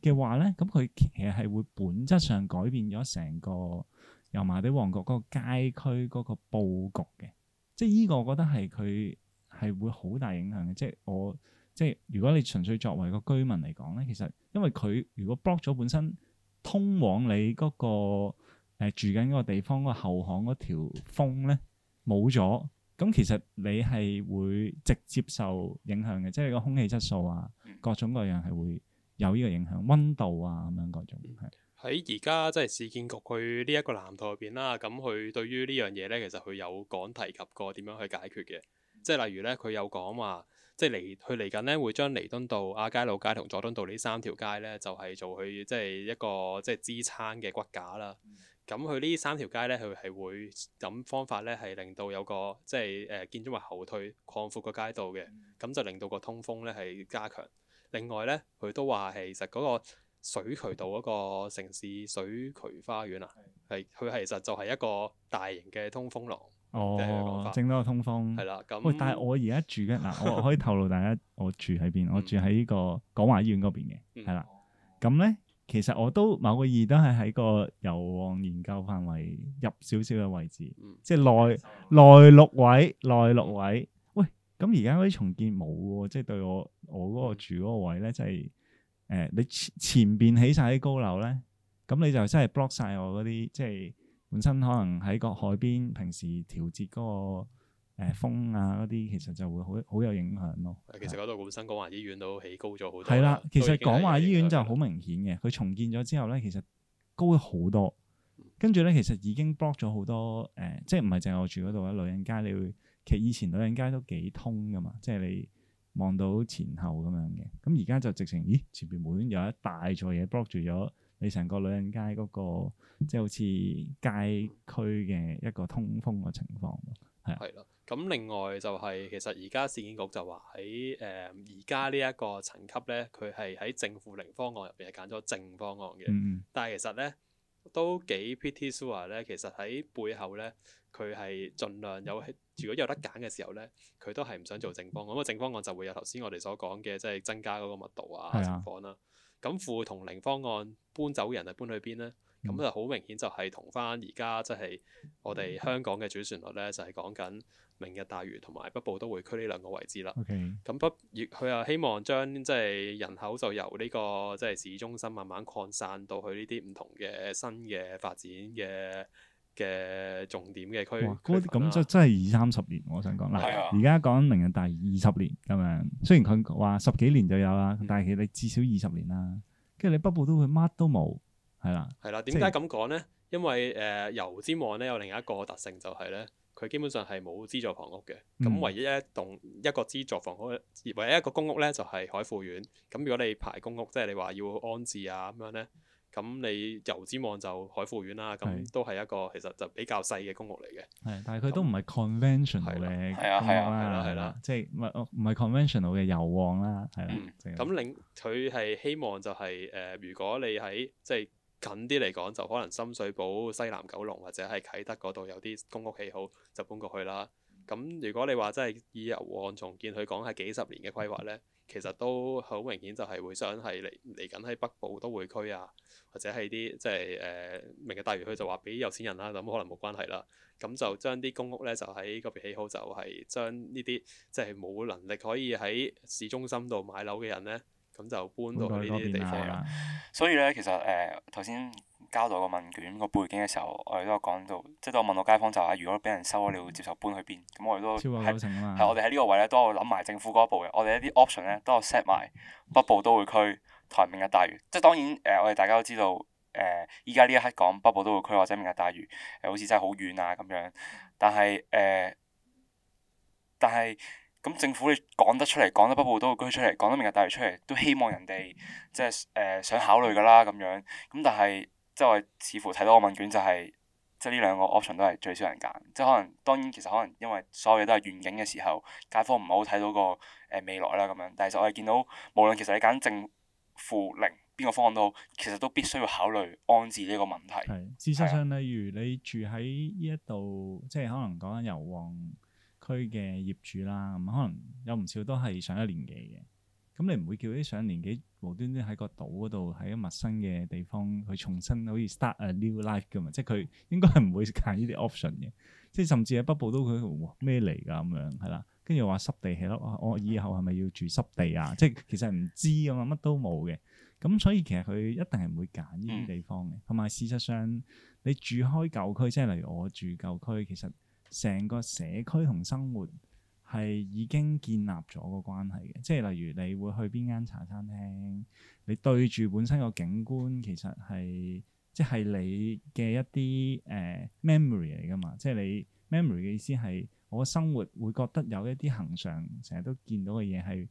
嘅話咧，咁佢其實係會本質上改變咗成個油麻地旺角嗰個街區嗰個佈局嘅。即係呢個我覺得係佢係會好大影響嘅。即係我即係如果你純粹作為一個居民嚟講咧，其實因為佢如果 block 咗本身通往你嗰個係住緊嗰個地方嗰個後巷嗰條風咧冇咗，咁其實你係會直接受影響嘅，即係個空氣質素啊，各種各樣係會有呢個影響，溫度啊咁樣各種各樣。喺而家即係市建局佢呢一個藍圖入邊啦，咁佢對於呢樣嘢咧，其實佢有講提及過點樣去解決嘅、嗯，即係例如咧，佢有講話，即係嚟佢嚟緊咧會將彌敦道、亞皆老街同佐敦道呢三條街咧，就係、是、做佢即係一個即係支撐嘅骨架啦。嗯咁佢呢三條街呢，佢係會咁方法呢，係令到有個即係建築物後退擴闊個街道嘅，咁、嗯、就令到個通風呢係加強。另外呢，佢都話其實嗰個水渠道嗰個城市水渠花園啊，係佢其實就係一個大型嘅通風廊。哦，整多個通風係啦。咁，但係我而家住嘅嗱， (laughs) 我可以透露大家我住喺邊，嗯、我住喺呢個廣華醫院嗰邊嘅，係啦。咁、嗯、呢？其實我都某個意義都係喺個油旺研究範圍入少少嘅位置，嗯、即係內內陸位內陸位，位。喂，咁而家嗰啲重建冇喎、啊，即、就、係、是、對我我嗰個住嗰個位咧，即係誒你前前邊起晒啲高樓咧，咁你就真係 block 晒我嗰啲，即、就、係、是、本身可能喺個海邊平時調節嗰、那個。誒風啊嗰啲其實就會好好有影響咯。其實嗰度本身廣華醫院都起高咗好多。係啦，其實廣華醫院就好明顯嘅，佢重建咗之後咧，其實高咗好多。跟住咧，其實已經 block 咗好多誒、呃，即係唔係淨係我住嗰度啊？女人街，你會其實以前女人街都幾通噶嘛，即係你望到前後咁樣嘅。咁而家就直情咦，前邊滿有一大座嘢 block 住咗你成個女人街嗰、那個，即係好似街區嘅一個通風嘅情況。係啊。係咯。咁另外就係、是、其實而家市建局就話喺誒而家呢一個層級呢，佢係喺正負零方案入邊係揀咗正方案嘅。嗯、但係其實呢，都幾 pretty sure 咧，其實喺背後呢，佢係盡量有，如果有得揀嘅時候呢，佢都係唔想做正方案。咁啊正方案就會有頭先我哋所講嘅即係增加嗰個密度啊情況啦、啊。咁負、啊、同零方案搬走嘅人係搬去邊呢？咁就好明顯就係同翻而家即係我哋香港嘅主旋律咧，就係講緊明日大嶼同埋北部都會區呢兩個位置啦。咁北越佢又希望將即係人口就由呢個即係市中心慢慢擴散到去呢啲唔同嘅新嘅發展嘅嘅重點嘅區。哇！嗰啲咁真真係二三十年，我想講嗱，而家講明日大嶼二十年咁樣，雖然佢話十幾年就有啦，嗯、但係其實至少二十年啦。跟住你北部都會乜都冇。係啦，係啦，點解咁講咧？因為誒油尖旺咧有另一個特性就係咧，佢基本上係冇資助房屋嘅，咁唯一一棟一個資助房屋，唯一一個公屋咧就係海富苑。咁如果你排公屋，即係你話要安置啊咁樣咧，咁你油尖旺就海富苑啦，咁都係一個其實就比較細嘅公屋嚟嘅。係，但係佢都唔係 conventional 嚟嘅公屋啦，係啦，即係唔係唔係 conventional 嘅油旺啦，係啦。咁另佢係希望就係誒，如果你喺即係。近啲嚟講就可能深水埗、西南九龍或者係啟德嗰度有啲公屋起好，就搬過去啦。咁、嗯、如果你話真係以油旺重建佢講係幾十年嘅規劃呢，其實都好明顯就係會想係嚟嚟緊喺北部都會區啊，或者係啲即係誒明日大嶼區就話俾有錢人啦、啊，咁可能冇關係啦。咁就將啲公屋呢，就喺嗰邊起好就，就係將呢啲即係冇能力可以喺市中心度買樓嘅人呢。咁就搬到去呢啲地方啦。所以呢，其實誒頭先交代個問卷個背景嘅時候，我哋都有講到，即係我問到街坊就係、是，如果俾人收，你會接受搬去邊？咁我哋都係我哋喺呢個位呢，都有諗埋政府嗰一步嘅。我哋一啲 option 呢，都有 set 埋北部都會區、台明日大嶼。即係當然誒、呃，我哋大家都知道誒，依家呢一刻講北部都會區或者明日大嶼、呃、好似真係好遠啊咁樣。但係誒、呃，但係。咁、嗯、政府你講得出嚟，講得北部都會區出嚟，講得明日大嶼出嚟，都希望人哋即係誒想考慮㗎啦咁樣。咁但係即係我似乎睇到個問卷就係、是、即係呢兩個 option 都係最少人揀。即係可能當然其實可能因為所有嘢都係遠景嘅時候，街坊唔好睇到個誒、呃、未來啦咁樣。但係實我係見到無論其實你揀正負零邊個方案都好，其實都必須要考慮安置呢個問題。事實上，例如你住喺呢一度，即係可能講緊油旺，區嘅業主啦，咁可能有唔少都係上一年紀嘅，咁你唔會叫啲上一年紀無端端喺個島嗰度，喺個陌生嘅地方去重新好似 start a new life 㗎嘛？即係佢應該係唔會揀呢啲 option 嘅，即係甚至喺北部都佢咩嚟㗎咁樣係啦，跟住話濕地係咯、啊，我以後係咪要住濕地啊？即係其實唔知㗎嘛，乜都冇嘅，咁所以其實佢一定係唔會揀呢啲地方嘅。同埋事實上，你住開舊區，即係例如我住舊區，其實。成個社區同生活係已經建立咗個關係嘅，即係例如你會去邊間茶餐廳，你對住本身個景觀，其實係即係你嘅一啲誒、呃、memory 嚟㗎嘛？即係你 memory 嘅意思係我生活會覺得有一啲恆常成日都見到嘅嘢，係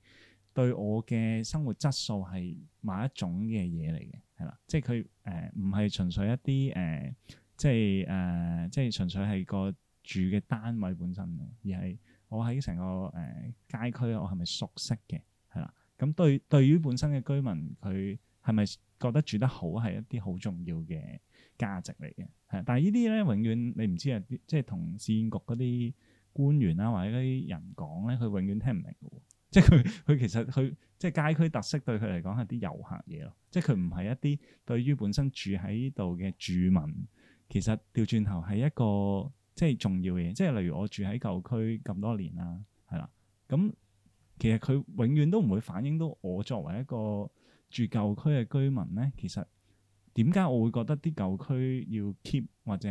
對我嘅生活質素係某一種嘅嘢嚟嘅，係啦，即係佢誒唔係純粹一啲誒、呃，即係誒、呃、即係純粹係個，住嘅單位本身而係我喺成個誒、呃、街區，我係咪熟悉嘅？係啦，咁對對於本身嘅居民，佢係咪覺得住得好係一啲好重要嘅價值嚟嘅？係，但係呢啲咧，永遠你唔知啊，即係同市建局嗰啲官員啦、啊，或者嗰啲人講咧，佢永遠聽唔明嘅。即係佢佢其實佢即係街區特色對佢嚟講係啲遊客嘢咯，即係佢唔係一啲對於本身住喺呢度嘅住民，其實調轉頭係一個。即係重要嘅，即係例如我住喺舊區咁多年啦，係啦，咁其實佢永遠都唔會反映到我作為一個住舊區嘅居民咧。其實點解我會覺得啲舊區要 keep 或者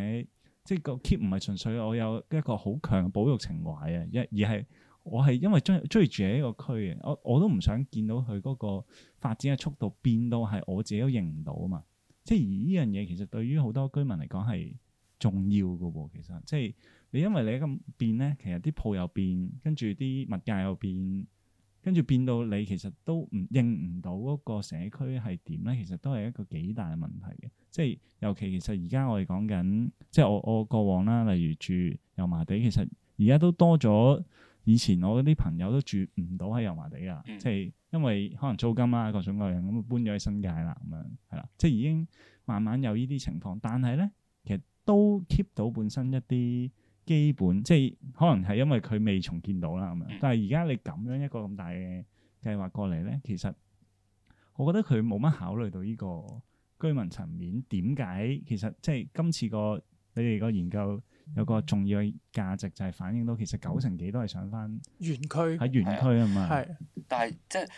即係個 keep 唔係純粹我有一個好強嘅保育情懷呀，而係我係因為鍾意住喺個區嘅，我我都唔想見到佢嗰個發展嘅速度變到係我自己都認唔到啊嘛。即係而呢樣嘢其實對於好多居民嚟講係。重要㗎喎，哦，其實即係你因為你咁變咧，其實啲鋪又變，跟住啲物價又變，跟住變到你其實都唔認唔到嗰個社區係點咧，其實都係一個幾大嘅問題嘅。即係尤其其實而家我哋講緊，即係我我過往啦，例如住油麻地，其實而家都多咗以前我啲朋友都住唔到喺油麻地啊，即係、嗯、因為可能租金啊各種各樣咁搬咗去新界啦，咁樣係啦，即係已經慢慢有呢啲情況，但係咧。都 keep 到本身一啲基本，即係可能係因為佢未重建到啦，咁樣、嗯。但係而家你咁樣一個咁大嘅計劃過嚟咧，其實我覺得佢冇乜考慮到呢個居民層面，點解其實即係今次個你哋個研究有個重要嘅價值就係反映到，其實九成幾都係想翻，原區喺原區啊嘛，係，但係即係。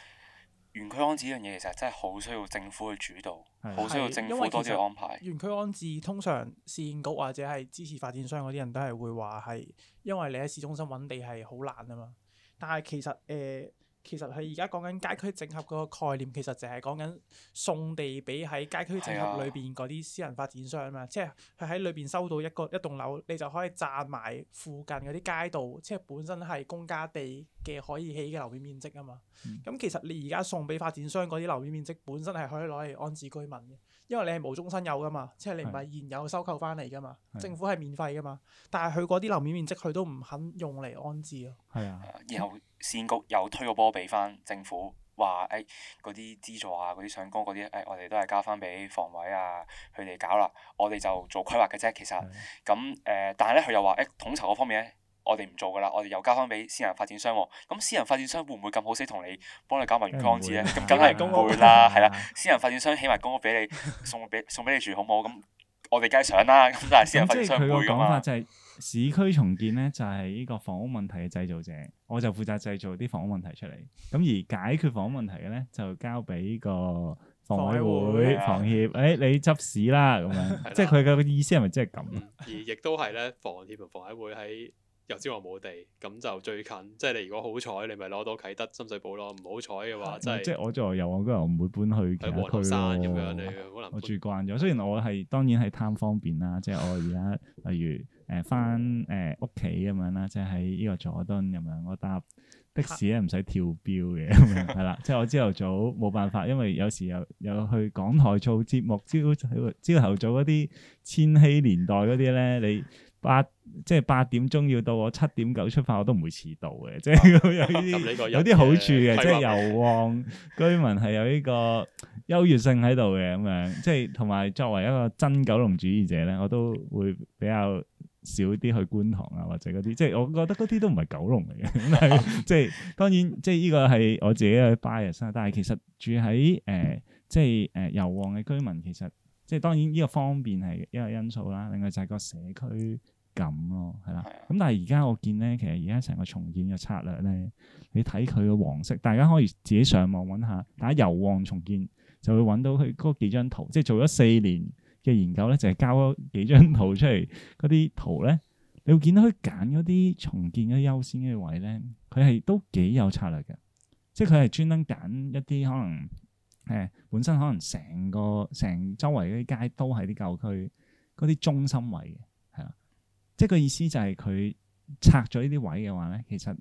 原區安置呢樣嘢其實真係好需要政府去主導，好的需要政府多啲安排。原區安置通常市建局或者係支持發展商嗰啲人都係會話係，因為你喺市中心揾地係好難啊嘛。但係其實誒。呃其實佢而家講緊街區整合嗰個概念，其實就係講緊送地俾喺街區整合裏邊嗰啲私人發展商啊嘛，即係佢喺裏邊收到一個一棟樓，你就可以炸埋附近嗰啲街道，即係本身係公家地嘅可以起嘅樓面面積啊嘛。咁、嗯、其實你而家送俾發展商嗰啲樓面面積，本身係可以攞嚟安置居民嘅。因為你係無中生有噶嘛，即係你唔係現有收購翻嚟噶嘛，是的 政府係免費噶嘛，但係佢嗰啲樓面面積佢都唔肯用嚟安置咯。係啊，然後線局又推個波俾翻政府，話誒嗰啲資助啊、嗰啲上高嗰啲誒，我哋都係交翻俾房委啊，佢哋搞啦，我哋就做規劃嘅啫。其實咁誒是的、呃，但係咧佢又話誒、哎、統籌嗰方面咧。我哋唔做噶啦，我哋又交翻俾私人發展商喎。咁、嗯、私人發展商會唔會咁好死同你幫你搞埋完工資咧？咁梗係唔會啦，係啦。私人發展商起埋公屋俾你，送俾送俾你住好唔好？咁、嗯、我哋梗係想啦。咁但係私人發展商會噶嘛？即係佢個講法就係市區重建咧，就係呢個房屋問題嘅製造者，我就負責製造啲房屋問題出嚟。咁而解決房屋問題嘅咧，就交俾個房委會、房委會、房協。誒、啊哎，你執屎啦咁樣。即係佢嘅意思係咪即係咁？ (laughs) 而亦都係咧，房協同房委會喺。又知我冇地，咁就最近，即係你如果好彩，你咪攞到啟德、深水埗咯。唔好彩嘅話，啊、即係即係我就日，我唔會搬去山咁其他區咯。我住慣咗，雖然我係當然係貪方便啦，即係我而家例如誒翻誒屋企咁樣啦，即係喺呢個佐敦咁樣，我搭的士咧唔使跳表嘅，係啦、啊。 (laughs) 即係我朝頭早冇辦法，因為有時又有去港台做節目，朝朝頭早嗰啲千禧年代嗰啲咧，你。八即係八點鐘要到，我七點九出發，我都唔會遲到嘅，即、就、係有呢啲有啲好處嘅，即係油旺居民係有呢個優越性喺度嘅咁樣，即係同埋作為一個真九龍主義者咧，我都會比較少啲去觀塘啊，或者嗰啲，即係 (laughs) 我覺得嗰啲都唔係九龍嚟嘅，即係、 (laughs) 就是、當然即係呢個係我自己嘅 bias 啊，但係其實住喺誒即係誒油旺嘅居民，其實即係、就是、當然呢個方便係一個因素啦，另外就係個社區。咁咯，係啦、嗯。咁但係而家我見咧，其實而家成個重建嘅策略咧，你睇佢嘅黃色，大家可以自己上網揾下。打油旺重建就會揾到佢嗰幾張圖，即係做咗四年嘅研究咧，就係、是、交咗幾張圖出嚟。嗰啲圖咧，你會見到佢揀嗰啲重建嘅優先嘅位咧，佢係都幾有策略嘅，即係佢係專登揀一啲可能誒，本身可能成個成周圍嗰啲街都係啲舊區，嗰啲中心位嘅。即係個意思就係佢拆咗呢啲位嘅話咧，其實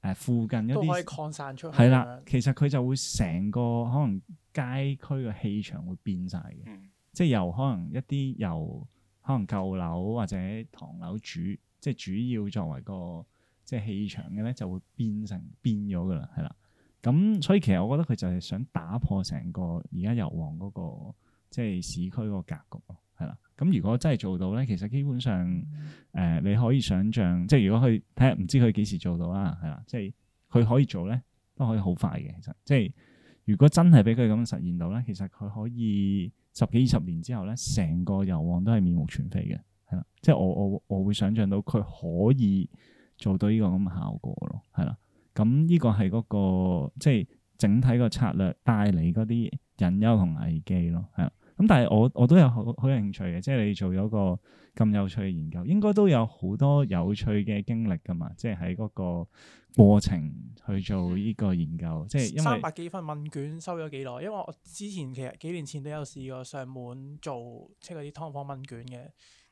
誒附近一啲都可以擴散出去係啦，其實佢就會成個可能街區嘅氣場會變晒嘅，嗯、即係由可能一啲由可能舊樓或者唐樓主，即係主要作為、那個即係氣場嘅咧，就會變成變咗噶啦，係啦。咁所以其實我覺得佢就係想打破成個而家油旺嗰、那個即係市區嗰個格局。咁如果真係做到咧，其實基本上，誒、呃，你可以想象，即係如果佢睇下唔知佢幾時做到啦，係啦，即係佢可以做咧，都可以好快嘅。其實，即係如果真係俾佢咁樣實現到咧，其實佢可以十幾二十年之後咧，成個油旺都係面目全非嘅，係啦。即係我我我會想象到佢可以做到呢個咁嘅效果咯，係啦。咁呢個係嗰、那個即係整體個策略帶嚟嗰啲隱憂同危機咯，係啦。咁但係我我都有好好有興趣嘅，即係你做咗個咁有趣嘅研究，應該都有好多有趣嘅經歷噶嘛，即係喺嗰個過程去做呢個研究，即係因為三百幾份問卷收咗幾耐？因為我之前其實幾年前都有試過上門做，即係嗰啲劏房問卷嘅，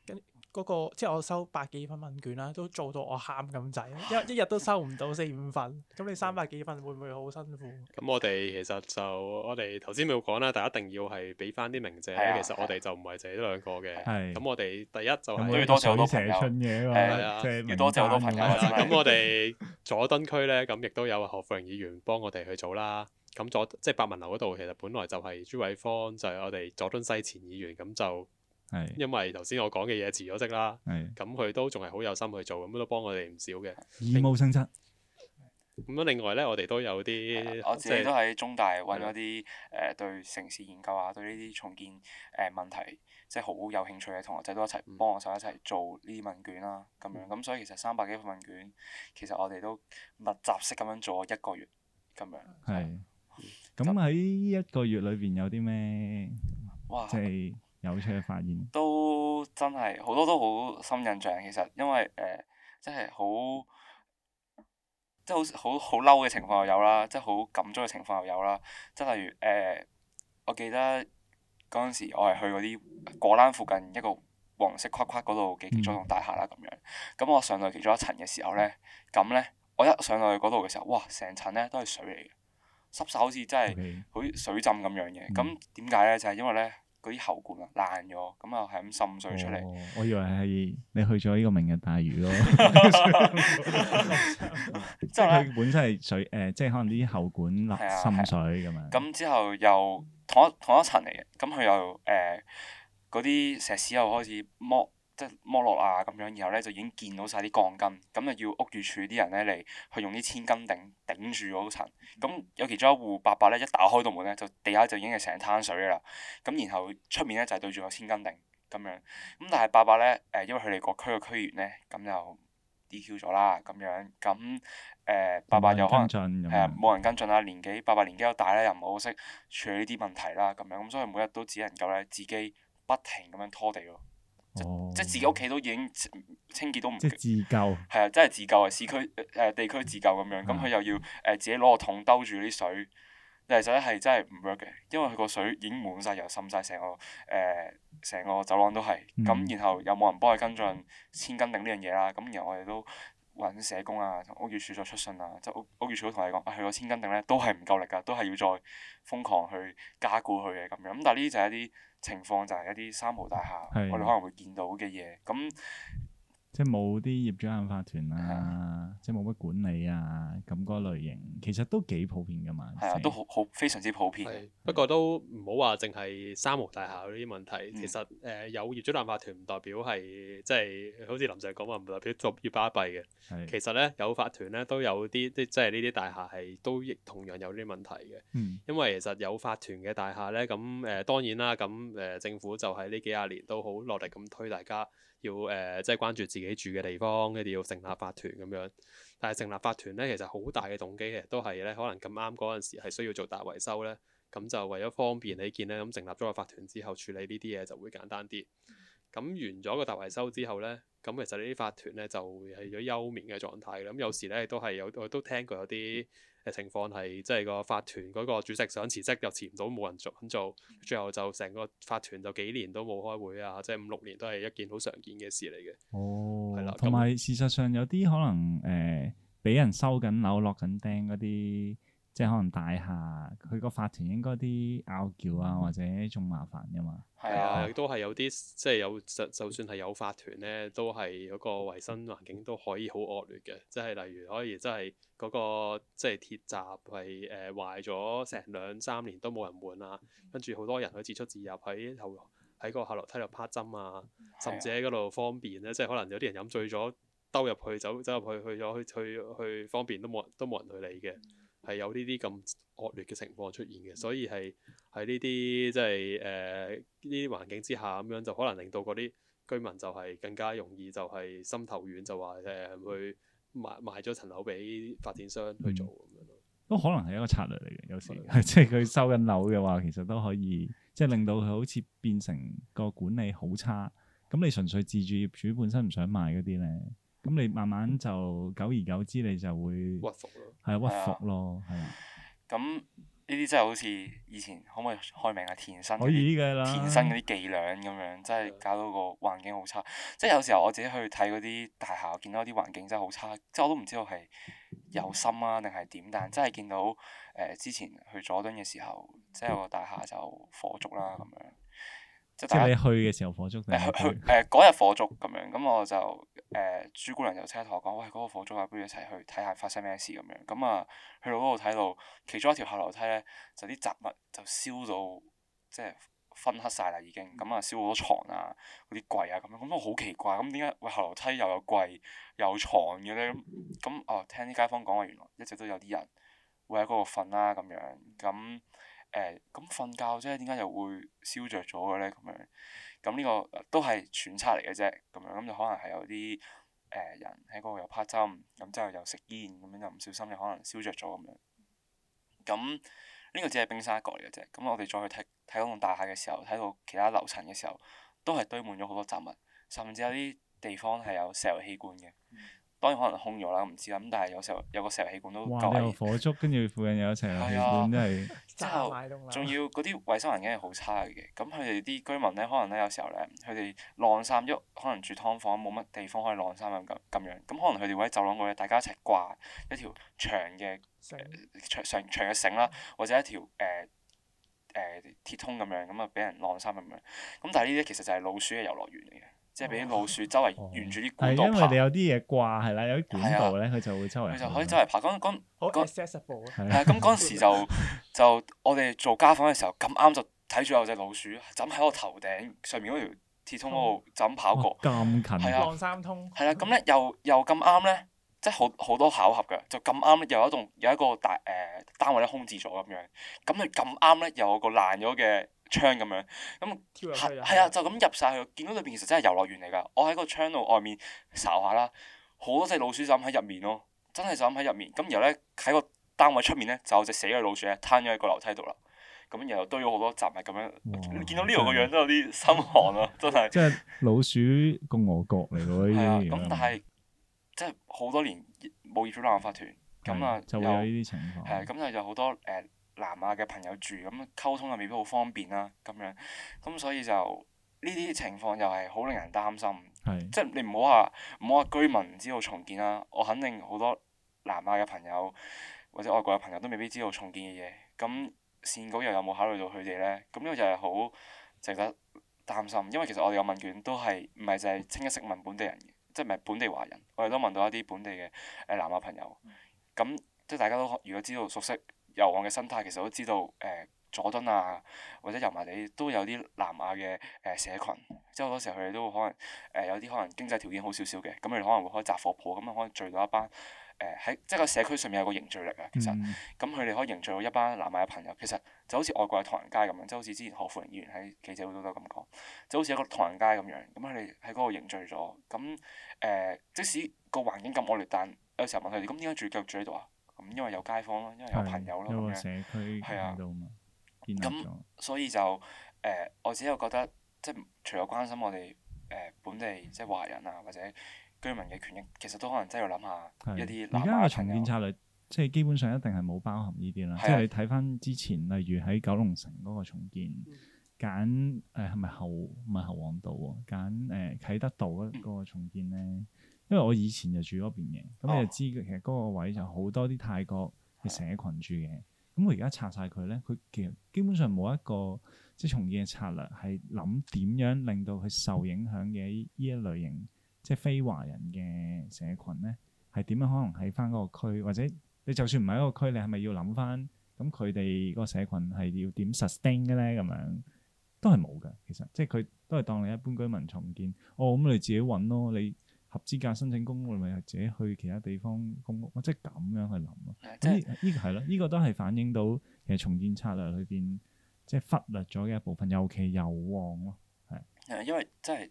跟。嗰、那個即係我收百幾份問卷啦，都做到我喊咁滯，一一日都收唔到四五份。咁你三百幾份會唔會好辛苦？咁我哋其實就我哋頭先咪講啦，大家一定要係俾翻啲鳴謝。啊、其實我哋就唔係就呢一兩個嘅。咁、啊、我哋第一就係、是、多謝好多朋友。誒，啊、多謝多朋友咁、 (laughs) 啊、我哋佐敦區咧，咁亦都有何富榮議員幫我哋去做啦。咁佐即係百聞樓嗰度，其實本來就係朱偉芳，就係、是、我哋佐敦西前議員，咁就。因為頭先我講嘅嘢，辭咗職啦，係咁佢都仲係好有心去做，咁都幫我哋唔少嘅義務性質。咁樣的另外呢，我哋都有啲我自己都喺中大搵咗啲誒，對城市研究啊，嗯、對呢啲重建誒問題，即係好有興趣嘅同學仔，都一齊幫我手、嗯、一齊做呢啲問卷啦。咁樣咁所以其實三百幾份問卷，其實我哋都密集式咁樣做咗一個月咁樣係。咁喺呢一個月裏邊有啲咩？即係、哇！係、即係。有趣嘅發現都真係好多，都好深印象，其實因為誒，即係好即係好好好嬲嘅情況又有啦，即係好感觸嘅情況又有啦。即係例如誒，我記得嗰陣時我係去嗰啲果欄附近一個黃色框框嗰度嘅建築物大廈啦，咁、嗯、樣咁我上到其中一層嘅時候咧，咁咧我一上到去嗰度嘅時候，哇！成層咧都係水嚟嘅，濕手好似真係好似水浸咁樣嘅。咁點解咧？就係、是、因為咧。嗰啲喉管啊爛咗，咁啊係咁滲水出嚟、哦。我以為係你去咗呢個明日大魚咯。即係佢本身係水誒、呃，即係可能啲喉管爛滲,滲水咁樣。咁、啊啊、之後又同一同一層嚟嘅，咁佢又誒嗰啲石屎又開始剝。即係剝落啊咁樣，然後咧就已經見到晒啲鋼筋，咁啊要屋宇署啲人咧嚟去用啲千斤頂頂住嗰層。咁有其中一戶伯伯咧一打開道門咧，就地下就已經係成灘水嘅啦。咁然後出面咧就係、對住個千斤頂咁樣。咁但係伯伯咧誒，因為佢哋個區嘅區員咧，咁就 DQ 咗啦咁樣。咁誒伯伯又可能係啊冇人跟進啦、啊，年紀伯伯年紀又大咧，又唔係好識處理呢啲問題啦咁樣。咁所以每日都只能夠咧自己不停咁樣拖地喎。即係自己屋企都已經清潔都唔即自救，係啊，真係自救啊！市區誒、呃、地區自救咁樣，咁佢、嗯、又要誒、呃、自己攞個桶兜住啲水，但係實質係真係唔 work 嘅，因為佢個水已經滿晒，又滲晒成個誒成、呃、個走廊都係咁，嗯、然後又冇人幫佢跟進千斤頂呢樣嘢啦。咁然後我哋都揾社工啊，同屋宇署再出信啊，即係屋屋宇署都同你哋講，啊，佢個千斤頂咧都係唔夠力㗎，都係要再瘋狂去加固佢嘅咁樣。咁但係呢啲就係一啲。情況就係一啲三無大廈，是的 我哋可能會見到嘅嘢咁。即係冇啲業主硬化團啦、啊，的即係冇乜管理啊，咁嗰類型其實都幾普遍嘅嘛。係啊，都好好非常之普遍。不過都唔好話淨係三無大廈嗰啲問題。的其實誒、呃、有業主立法團唔代表係，即係好似林鄭講話唔代表做嘢巴閉嘅。的其實咧有法團咧都有啲即係呢啲大廈係都同樣有啲問題嘅。的因為其實有法團嘅大廈咧，咁、嗯、誒、呃、當然啦，咁、嗯、誒、嗯、政府就喺呢幾廿年都好落力咁推，推大家。要誒、呃，即係關注自己住嘅地方，一定要成立法團咁樣。但係成立法團呢，其實好大嘅動機，其實都係呢，可能咁啱嗰陣時係需要做大維修呢。咁就為咗方便起見呢，咁成立咗個法團之後處理呢啲嘢就會簡單啲。咁、嗯、完咗個大維修之後呢，咁其實呢啲法團呢就係咗休眠嘅狀態啦。咁有時呢都係有，我都聽過有啲。嘅情況係即係個法團嗰個主席想辭職又辭唔到，冇人做咁做，最後就成個法團就幾年都冇開會啊，即係五六年都係一件好常見嘅事嚟嘅。哦，係啦，同埋事實上有啲可能誒，俾、呃、人收緊樓落緊釘嗰啲。即係可能大廈，佢個法團應該啲拗撬啊，或者仲麻煩噶嘛。係啊，啊都係有啲即係有就就算係有法團呢，都係嗰個衞生環境都可以好惡劣嘅。即係例如可以真係嗰個即係鐵閘係誒壞咗成兩三年都冇人換啊，跟住好多人去自出自入喺後喺個後樓梯度拍針啊，甚至喺嗰度方便咧，啊、即係可能有啲人飲醉咗兜入去走走入去去咗去去去，去，去，去，去，去，去方便都冇人都冇人去理嘅。係有呢啲咁惡劣嘅情況出現嘅，所以係喺呢啲即係誒呢啲環境之下，咁樣就可能令到嗰啲居民就係更加容易就係心頭軟，就話誒去賣賣咗層樓俾發展商去做咁樣咯、嗯。都可能係一個策略嚟嘅，有時係嘅即係佢收緊樓嘅話，其實都可以即係、就係、令到佢好似變成個管理好差。咁你純粹自住業主本身唔想賣嗰啲咧。咁你慢慢就久而久之，你就會屈服咯，係屈服咯，係對。咁呢啲真係好似以前可唔可以開名啊？田生？田生嗰啲伎倆咁樣，真係搞到個環境好差。即係有時候我自己去睇嗰啲大廈，我見到啲環境真係好差，即係我都唔知道係有心啊定係點，但真係見到誒、呃、之前去佐敦嘅時候，即係有個大廈就火燭啦咁樣。但即係你去嘅時候火，呃呃、火燭定？嗰日火燭咁樣，咁我就誒、呃、朱姑娘就即刻同我講：喂，嗰、那個火燭啊，不如一齊去睇下發生咩事咁樣。咁啊，去到嗰度睇到其中一條後樓梯咧，就啲雜物就燒到即係熏黑晒啦，已經咁啊，燒好多床啊，嗰啲櫃啊咁樣。咁我好奇怪，咁點解喂後樓梯又有櫃又有牀嘅咧？咁咁啊，聽啲街坊講話，原來一直都有啲人會喺嗰度瞓啦，咁樣咁。咁瞓覺啫，點解又會燒着咗嘅呢？咁樣咁呢個都係揣測嚟嘅啫。咁樣咁就可能係有啲誒人喺嗰度又拍針，咁之後又食煙，咁樣就唔小心又可能燒着咗咁樣。咁呢個只係冰山一角嚟嘅啫。咁我哋再去睇睇嗰棟大廈嘅時候，睇到其他樓層嘅時候，都係堆滿咗好多雜物，甚至有啲地方係有石油氣罐嘅。當然可能空咗啦，唔知啦。咁但係有時候有個石油氣管都夠。哇！有火燭，跟住 (laughs) 附近有石油氣管都係炸壞棟樓。仲要嗰啲衞生環境係好差嘅。咁佢哋啲居民咧，可能咧有時候咧，佢哋晾衫喐，可能住劏房冇乜地方可以晾衫咁，咁樣。咁可能佢哋會喺走廊嗰度，大家一齊掛一條長嘅子、呃、長長嘅繩啦，或者一條誒誒、呃呃、鐵通咁樣，咁啊俾人晾衫咁樣。咁但係呢啲其實就係老鼠嘅遊樂園嚟嘅。即係俾老鼠周圍沿住啲管道爬，因為你有啲嘢掛係啦，有啲管道咧，佢就會周圍。佢就可以周圍爬。咁咁咁。係啊，咁嗰陣時就就我哋做家訪嘅時候，咁啱就睇住有隻老鼠，就喺我頭頂上面嗰條鐵通嗰度就咁跑過。咁近。係啊。係啦，咁咧又又咁啱咧，即係好好多巧合嘅，就咁啱咧，又一棟有一個大誒單位咧空置咗咁樣，咁佢咁啱咧，又有個爛咗嘅。窗咁樣，咁係啊，就咁入晒去，見到裏邊其實真係遊樂園嚟噶。我喺個窗度外面睄下啦，好多隻老鼠就咁喺入面咯，真係就咁喺入面。咁然後呢，喺個單位出面呢，就有隻死嘅老鼠咧攤咗喺個樓梯度啦。咁然後堆咗好多雜物咁樣，見到呢度個樣都有啲心寒咯，真係。即係老鼠共和國嚟嘅，係啊，咁但係即係好多年冇業主立法團，咁啊就有呢啲情況。係啊，咁就就好多誒。南亞嘅朋友住，咁溝通又未必好方便啦、啊，咁樣咁所以就呢啲情況又係好令人擔心，是的 即係你唔好話唔好話居民唔知道重建啦、啊，我肯定好多南亞嘅朋友或者外國嘅朋友都未必知道重建嘅嘢，咁善稿又有冇考慮到佢哋呢？咁呢個就係好值得擔心，因為其實我哋有問卷都係唔係淨係清一色問本地人嘅，即係唔係本地華人，我哋都問到一啲本地嘅誒南亞朋友，咁即係大家都如果知道熟悉油旺嘅生態其實都知道，誒、呃、佐敦啊，或者油麻地都有啲南亞嘅誒、呃、社群。即係好多時候佢哋都可能誒、呃、有啲可能經濟條件好少少嘅，咁佢哋可能會開雜貨鋪，咁啊可能聚到一班誒喺即係個社區上面有個凝聚力啊，其實咁佢哋可以凝聚到一班南亞嘅朋友，其實就好似外國嘅唐人街咁樣，即係好似之前何富榮議員喺記者會度都咁講，就好似一個唐人街咁樣，咁佢哋喺嗰度凝聚咗，咁誒、呃、即使個環境咁惡劣，但有時候問佢哋，咁點解住繼續住喺度啊？咁因為有街坊咯，因為有朋友咯，咁樣，係啊，因為社區喺度嘛，咁所以就誒、呃，我自己又覺得，即係除咗關心我哋誒、呃、本地即係華人啊，或者居民嘅權益，其實都可能真係要諗下一啲而家嘅重建策略，即係基本上一定係冇包含呢啲啦。的即係你睇翻之前，例如喺九龍城嗰個重建，揀誒係咪後唔係後旺道喎？揀誒、呃、啟德道嗰個重建咧。嗯。因為我以前就住嗰邊嘅，咁你就知其實嗰個位就好多啲泰國嘅社群住嘅。咁我而家拆晒佢咧，佢其實基本上冇一個即係重建嘅策略，係諗點樣令到佢受影響嘅呢一類型即係非華人嘅社群咧，係點樣可能喺翻嗰個區，或者你就算唔係喺個區，你係咪要諗翻咁佢哋個社群係要點 sustain 嘅咧？咁樣都係冇嘅，其實即係佢都係當你一般居民重建，哦咁你自己揾咯，你。合資格申請公屋咪係自己去其他地方公屋，即係咁樣去諗咯。呢呢係咯，呢、這個都係、這個、反映到其實重建策略裏邊即係忽略咗嘅一部分，尤其油旺咯，係。因為即係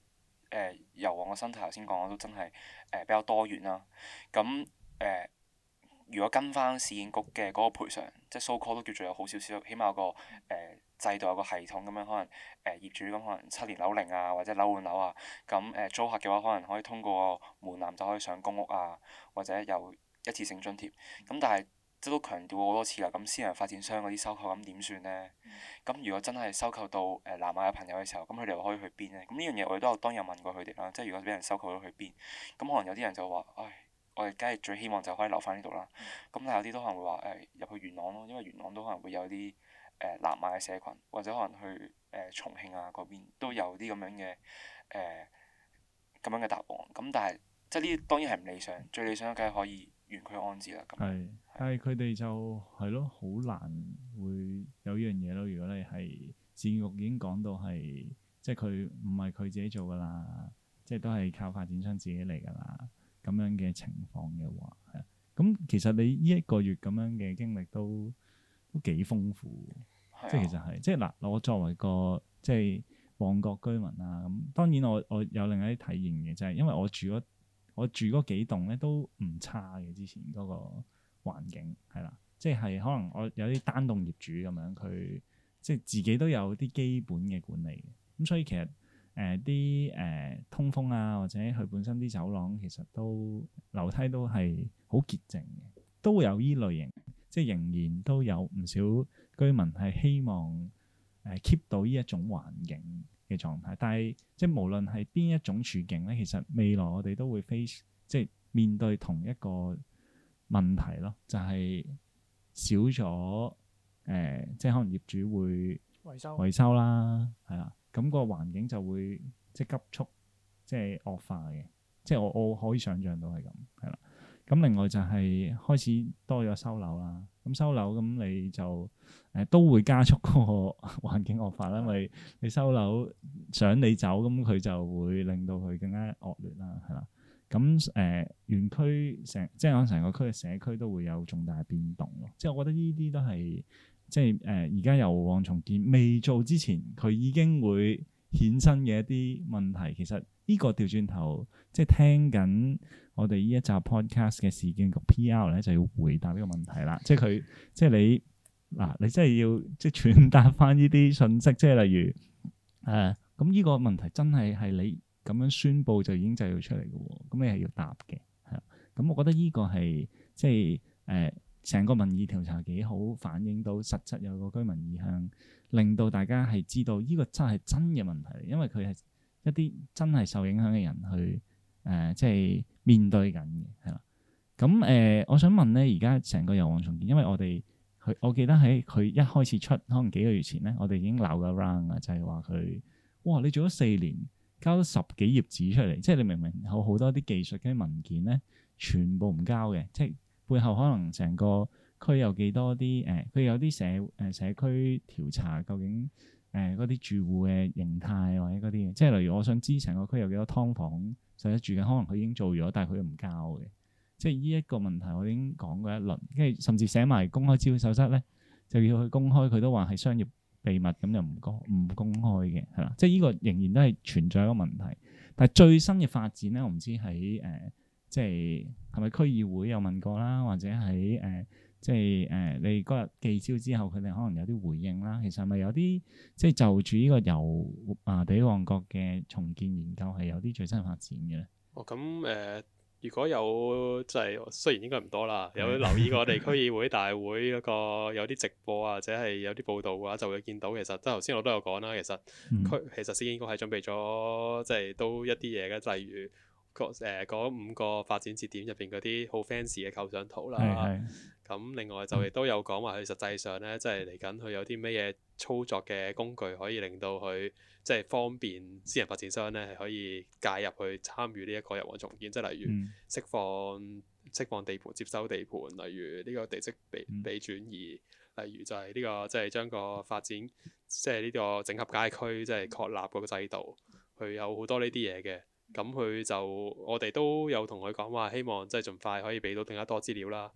誒油旺嘅身體頭先講，我都真係誒、呃、比較多元啦。咁誒、呃，如果跟翻市建局嘅嗰個賠償，即係、so、收 call 都叫做有好少少，起碼個誒。呃制度有個系統咁樣，可能誒、呃、業主咁可能七年樓齡啊，或者樓換樓啊，咁、嗯、誒、呃、租客嘅話可能可以通過門檻就可以上公屋啊，或者有一次性津貼。咁、嗯、但係都強調過好多次啦，咁、嗯、私人發展商嗰啲收購咁點算呢？咁、嗯、如果真係收購到、呃、南亞嘅朋友嘅時候，咁佢哋又可以去邊呢？咁呢樣嘢我哋都有當日問過佢哋啦，即係如果俾人收購咗去邊，咁、嗯、可能有啲人就話，唉、哎，我哋梗係最希望就可以留翻呢度啦。咁、嗯、但係有啲都可能會話，誒、哎、入去元朗咯，因為元朗都可能會有啲。誒南、呃、亞嘅社群，或者可能去誒、呃、重慶啊嗰邊，都有啲咁樣嘅誒咁樣嘅答案。咁但係即係呢，呢啲、當然係唔理想。最理想嘅梗係可以原區安置啦。係，是是但係佢哋就係咯，好難會有呢樣嘢咯。如果你係市建局已經講到係即係佢唔係佢自己做㗎啦，即係都係靠發展商自己嚟㗎啦。咁樣嘅情況嘅話，係啊，咁其實你呢一個月咁樣嘅經歷都都幾豐富。即係其實係，即係嗱，我作為個即係旺角居民啊，咁當然我我有另外啲體驗嘅，就係、是、因為我住嗰我住嗰幾棟咧都唔差嘅。之前嗰個環境係啦，即係可能我有啲單棟業主咁樣，佢即係自己都有啲基本嘅管理，咁所以其實誒啲誒通風啊，或者佢本身啲走廊其實都樓梯都係好潔淨嘅，都有依類型，即係仍然都有唔少。居民係希望誒 keep 到呢一種環境嘅狀態，但係即係無論係邊一種處境咧，其實未來我哋都會非即係面對同一個問題咯，就係、是、少咗誒、呃，即係可能業主會維修維修啦，係啦，咁收個環境就會即係急速，即係惡化嘅，即係我我可以想像到係咁，係啦。咁另外就係開始多咗收樓啦。咁收樓咁你就誒、呃、都會加速嗰個環境惡化啦， (laughs) 因為你收樓想你走，咁佢就會令到佢更加惡劣啦，係啦。咁誒，園區成即可能成個區嘅社區都會有重大變動咯。即係我覺得呢啲都係即係誒，而家油旺重建未做之前，佢已經會衍生嘅一啲問題。其實呢個調轉頭即係聽緊。我哋呢一集 podcast 嘅事件局 PR 咧，就要回答呢個問題啦。即係佢，即係你嗱、啊，你真係要即係傳達翻呢啲信息。即係例如，誒、呃，咁、這、呢個問題真係係你咁樣宣布就已經製造出嚟嘅。咁你係要答嘅。係啊。咁、嗯、我覺得呢個係即係誒，成、呃、個民意調查幾好，反映到實質有個居民意向，令到大家係知道呢個真係真嘅問題。因為佢係一啲真係受影響嘅人去。誒、呃，即係面對緊嘅，係啦。咁、嗯、誒、呃，我想問咧，而家成個油旺重建，因為我哋佢，我記得喺佢一開始出，可能幾個月前咧，我哋已經鬧咗 round 啦，就係話佢，哇！你做咗四年，交咗十幾頁紙出嚟，即係你明明有好多啲技術嘅文件咧，全部唔交嘅，即係背後可能成個區有幾多啲誒，佢、呃、有啲社誒、呃、社區調查，究竟誒嗰啲住戶嘅形態或者嗰啲嘢，即係例如我想知成個區有幾多劏房。實質住嘅可能佢已經做咗，但係佢唔交嘅，即係呢一個問題，我已經講過一輪，跟住甚至寫埋公開資料守則咧，就要去公開，佢都話係商業秘密，咁就唔公唔公開嘅，係啦，即係呢個仍然都係存在一個問題。但係最新嘅發展咧，我唔知喺誒、呃，即係係咪區議會有問過啦，或者喺誒。呃即係誒、呃，你嗰日寄招之後，佢哋可能有啲回應啦。其實係咪有啲即係就住呢個油啊，地旺角嘅重建研究係有啲最新發展嘅咧？哦，咁、嗯、誒、呃，如果有即係、就是、雖然應該唔多啦，有留意過地區議會大會嗰、那個 (laughs) 有啲直播或者係有啲報導嘅話，就會見到。其實即係頭先我都有講啦，其實區其實市建局係準備咗即係都一啲嘢嘅，例如嗰、呃、五個發展節點入邊嗰啲好 fancy 嘅構想圖啦。嗯是。咁另外就亦都有講話，佢實際上咧，即係嚟緊，佢有啲咩嘢操作嘅工具可以令到佢即係方便私人發展商咧，係可以介入去參與呢一個油旺重建，即係例如釋放釋、嗯、放地盤接收地盤，例如呢個地積比比轉移，例如就係呢、這個，即係將個發展即係呢個整合街區，即係確立嗰個制度，佢有好多呢啲嘢嘅。咁佢就我哋都有同佢講話，希望即係盡快可以俾到更加多資料啦。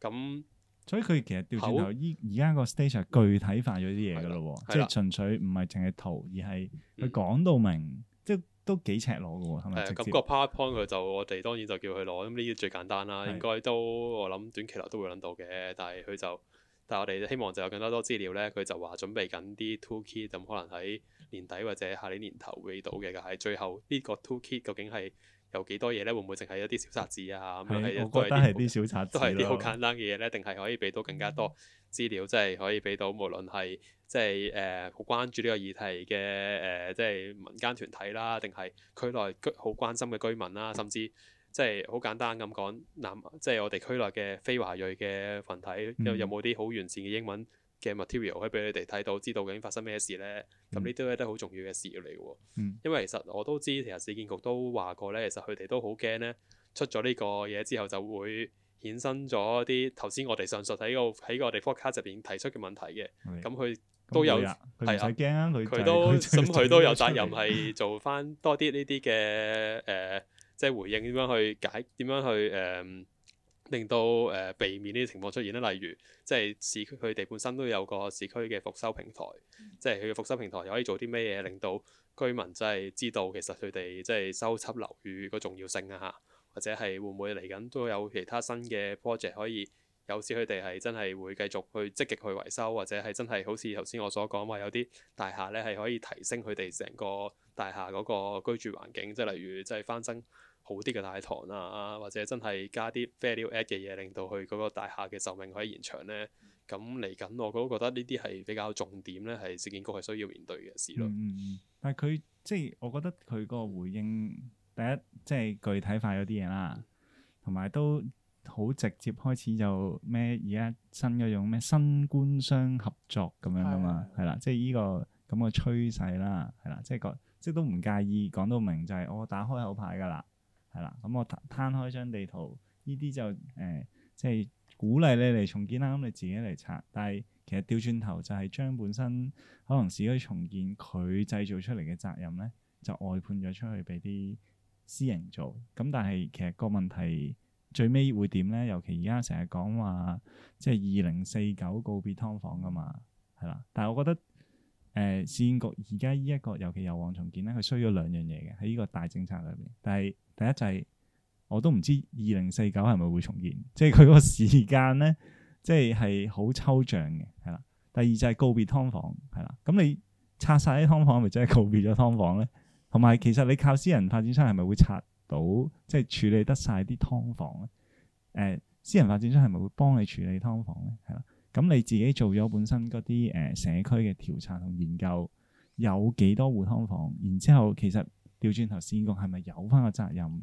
咁、嗯、樣所以佢其實調轉頭依而家個 status 具體化咗啲嘢噶咯，嗯、即係純粹唔係淨係圖，而係佢講到明，嗯、即係都幾赤裸噶。係、嗯、啊，咁、那個 PowerPoint 佢就、嗯、我哋當然就叫佢攞，咁呢啲最簡單啦，對應該都我諗短期內都會攞到嘅，但係佢就。但係我哋希望就有更加多資料呢，佢就話準備緊啲 toolkit，咁可能喺年底或者下年年頭會到嘅。但係最後呢個 toolkit 究竟係有幾多嘢呢？會唔會淨係一啲小冊子啊？係，我覺得係啲小冊子，都係啲好簡單嘅嘢呢？定係可以俾到更加多資料，即係可以俾到無論係即係誒好關注呢個議題嘅誒即係民間團體啦，定係區內居好關心嘅居民啦，甚至。即係好簡單咁講，南即係我哋區內嘅非華裔嘅群體，嗯、有有冇啲好完善嘅英文嘅 material 可以俾你哋睇到，知道究竟發生咩事呢？咁呢啲都係一啲好重要嘅事要嚟嘅喎。嗯、因為其實我都知，其實市建局都話過呢，其實佢哋都好驚呢，出咗呢個嘢之後就會衍生咗啲頭先我哋上述喺個喺個地方卡入邊提出嘅問題嘅。咁佢的都有係啊，唔使驚啊，佢、就係、都咁佢、就係就係、都有責任係做翻多啲呢啲嘅誒。呃即係回應點樣去解點樣去誒、嗯，令到誒、呃、避免呢啲情況出現呢？例如，即係市區佢哋本身都有個市區嘅復修平台，嗯、即係佢嘅復修平台又可以做啲咩嘢，令到居民即係知道其實佢哋即係修葺樓宇個重要性啊，或者係會唔會嚟緊都有其他新嘅 project 可以有，使佢哋係真係會繼續去積極去維修，或者係真係好似頭先我所講話有啲大廈呢係可以提升佢哋成個大廈嗰個居住環境，即係例如即係翻新。好啲嘅大堂啊，或者真係加啲 value add 嘅嘢，令到佢嗰個大廈嘅壽命可以延長咧。咁嚟緊，我都覺得呢啲係比較重點咧，係事業局係需要面對嘅事咯。但係佢即係我覺得佢嗰個回應，第一即係、就是、具體化咗啲嘢啦，同埋都好直接開始就咩而家新嗰種咩新官商合作咁樣噶嘛，係啦是的 了，即係呢個咁嘅趨勢啦，係啦，即係個即係都唔介意講到明就係我打開口牌噶啦。係啦，咁、嗯、我攤開張地圖，呢啲就誒，即、呃、係、就是、鼓勵你嚟重建啦，咁你自己嚟拆。但係其實調轉頭就係將本身可能市區重建佢製造出嚟嘅責任咧，就外判咗出去俾啲私營做。咁但係其實個問題最尾會點咧？尤其而家成日講話即係二零四九告別劏房㗎嘛，係啦。但係我覺得。誒，市建局而家呢一個，尤其油旺重建咧，佢需要兩樣嘢嘅喺呢個大政策裏邊。但係第一就係、是，我都唔知二零四九係咪會重建，即係佢嗰個時間咧，即係係好抽象嘅，係啦。第二就係告別劏房，係啦。咁、嗯、你拆晒啲劏房，咪即係告別咗劏房咧？同埋，其實你靠私人發展商係咪會拆到，即、就、係、是、處理得晒啲劏房咧？誒、呃，私人發展商係咪會幫你處理劏房咧？係啦。咁、嗯、你自己做咗本身嗰啲誒社區嘅調查同研究，有幾多戶劏房？然之後其實調轉頭先局係咪有翻個責任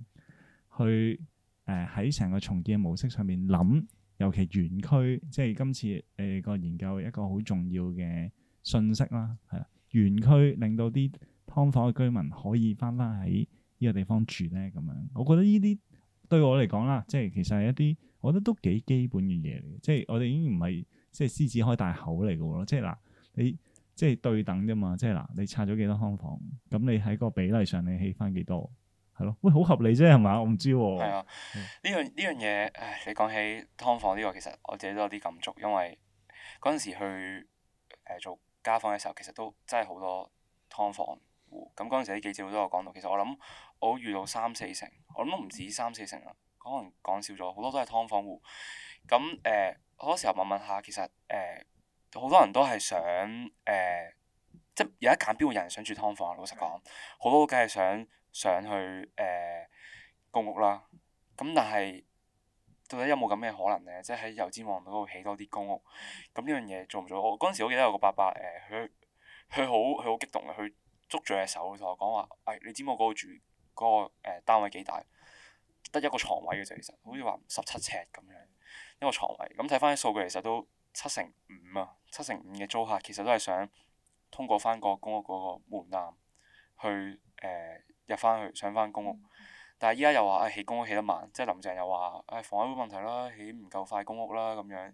去誒喺成個重建模式上面諗，尤其原區即係今次誒、呃、個研究一個好重要嘅信息啦，係啊，原區令到啲劏房嘅居民可以翻返喺呢個地方住咧。咁樣，我覺得呢啲對我嚟講啦，即係其實係一啲我覺得都幾基本嘅嘢嚟，嘅，即係我哋已經唔係。即係獅子開大口嚟嘅喎，即係嗱，你即係對等啫嘛，即係嗱，你拆咗幾多劏房，咁你喺個比例上你起翻幾多，係咯？喂，好合理啫，係嘛？我唔知喎。係啊，呢樣呢樣嘢，唉，你講起劏房呢、這個，其實我自己都有啲感觸，因為嗰陣時去、呃、做家訪嘅時候，其實都真係好多劏房戶。咁嗰陣時啲記者都有講到，其實我諗我遇到三四成，我諗都唔止三四成啦，可能講少咗，好多都係劏房戶。咁誒。呃好多時候問問下，其實誒好、呃、多人都係想誒、呃，即係有一揀邊個人想住劏房。老實講，好多都梗係想上去誒、呃、公屋啦。咁但係到底有冇咁嘅可能咧？即係喺油尖旺嗰度起多啲公屋。咁呢樣嘢做唔做？我嗰陣時我記得有個伯伯誒，佢佢好佢好激動嘅，佢捉住隻手同我講話：誒、哎，你知唔知我嗰個住嗰個誒單位幾大？得一個床位嘅啫，其實好似話十七尺咁樣。個床位咁睇翻啲數據，其實都七成五啊，七成五嘅租客其實都係想通過翻個公屋嗰個門檻去誒入翻去，上、呃、翻公屋。但係依家又話誒起公屋起得慢，即係林鄭又話誒、哎、房屋問題啦，起唔夠快公屋啦咁樣。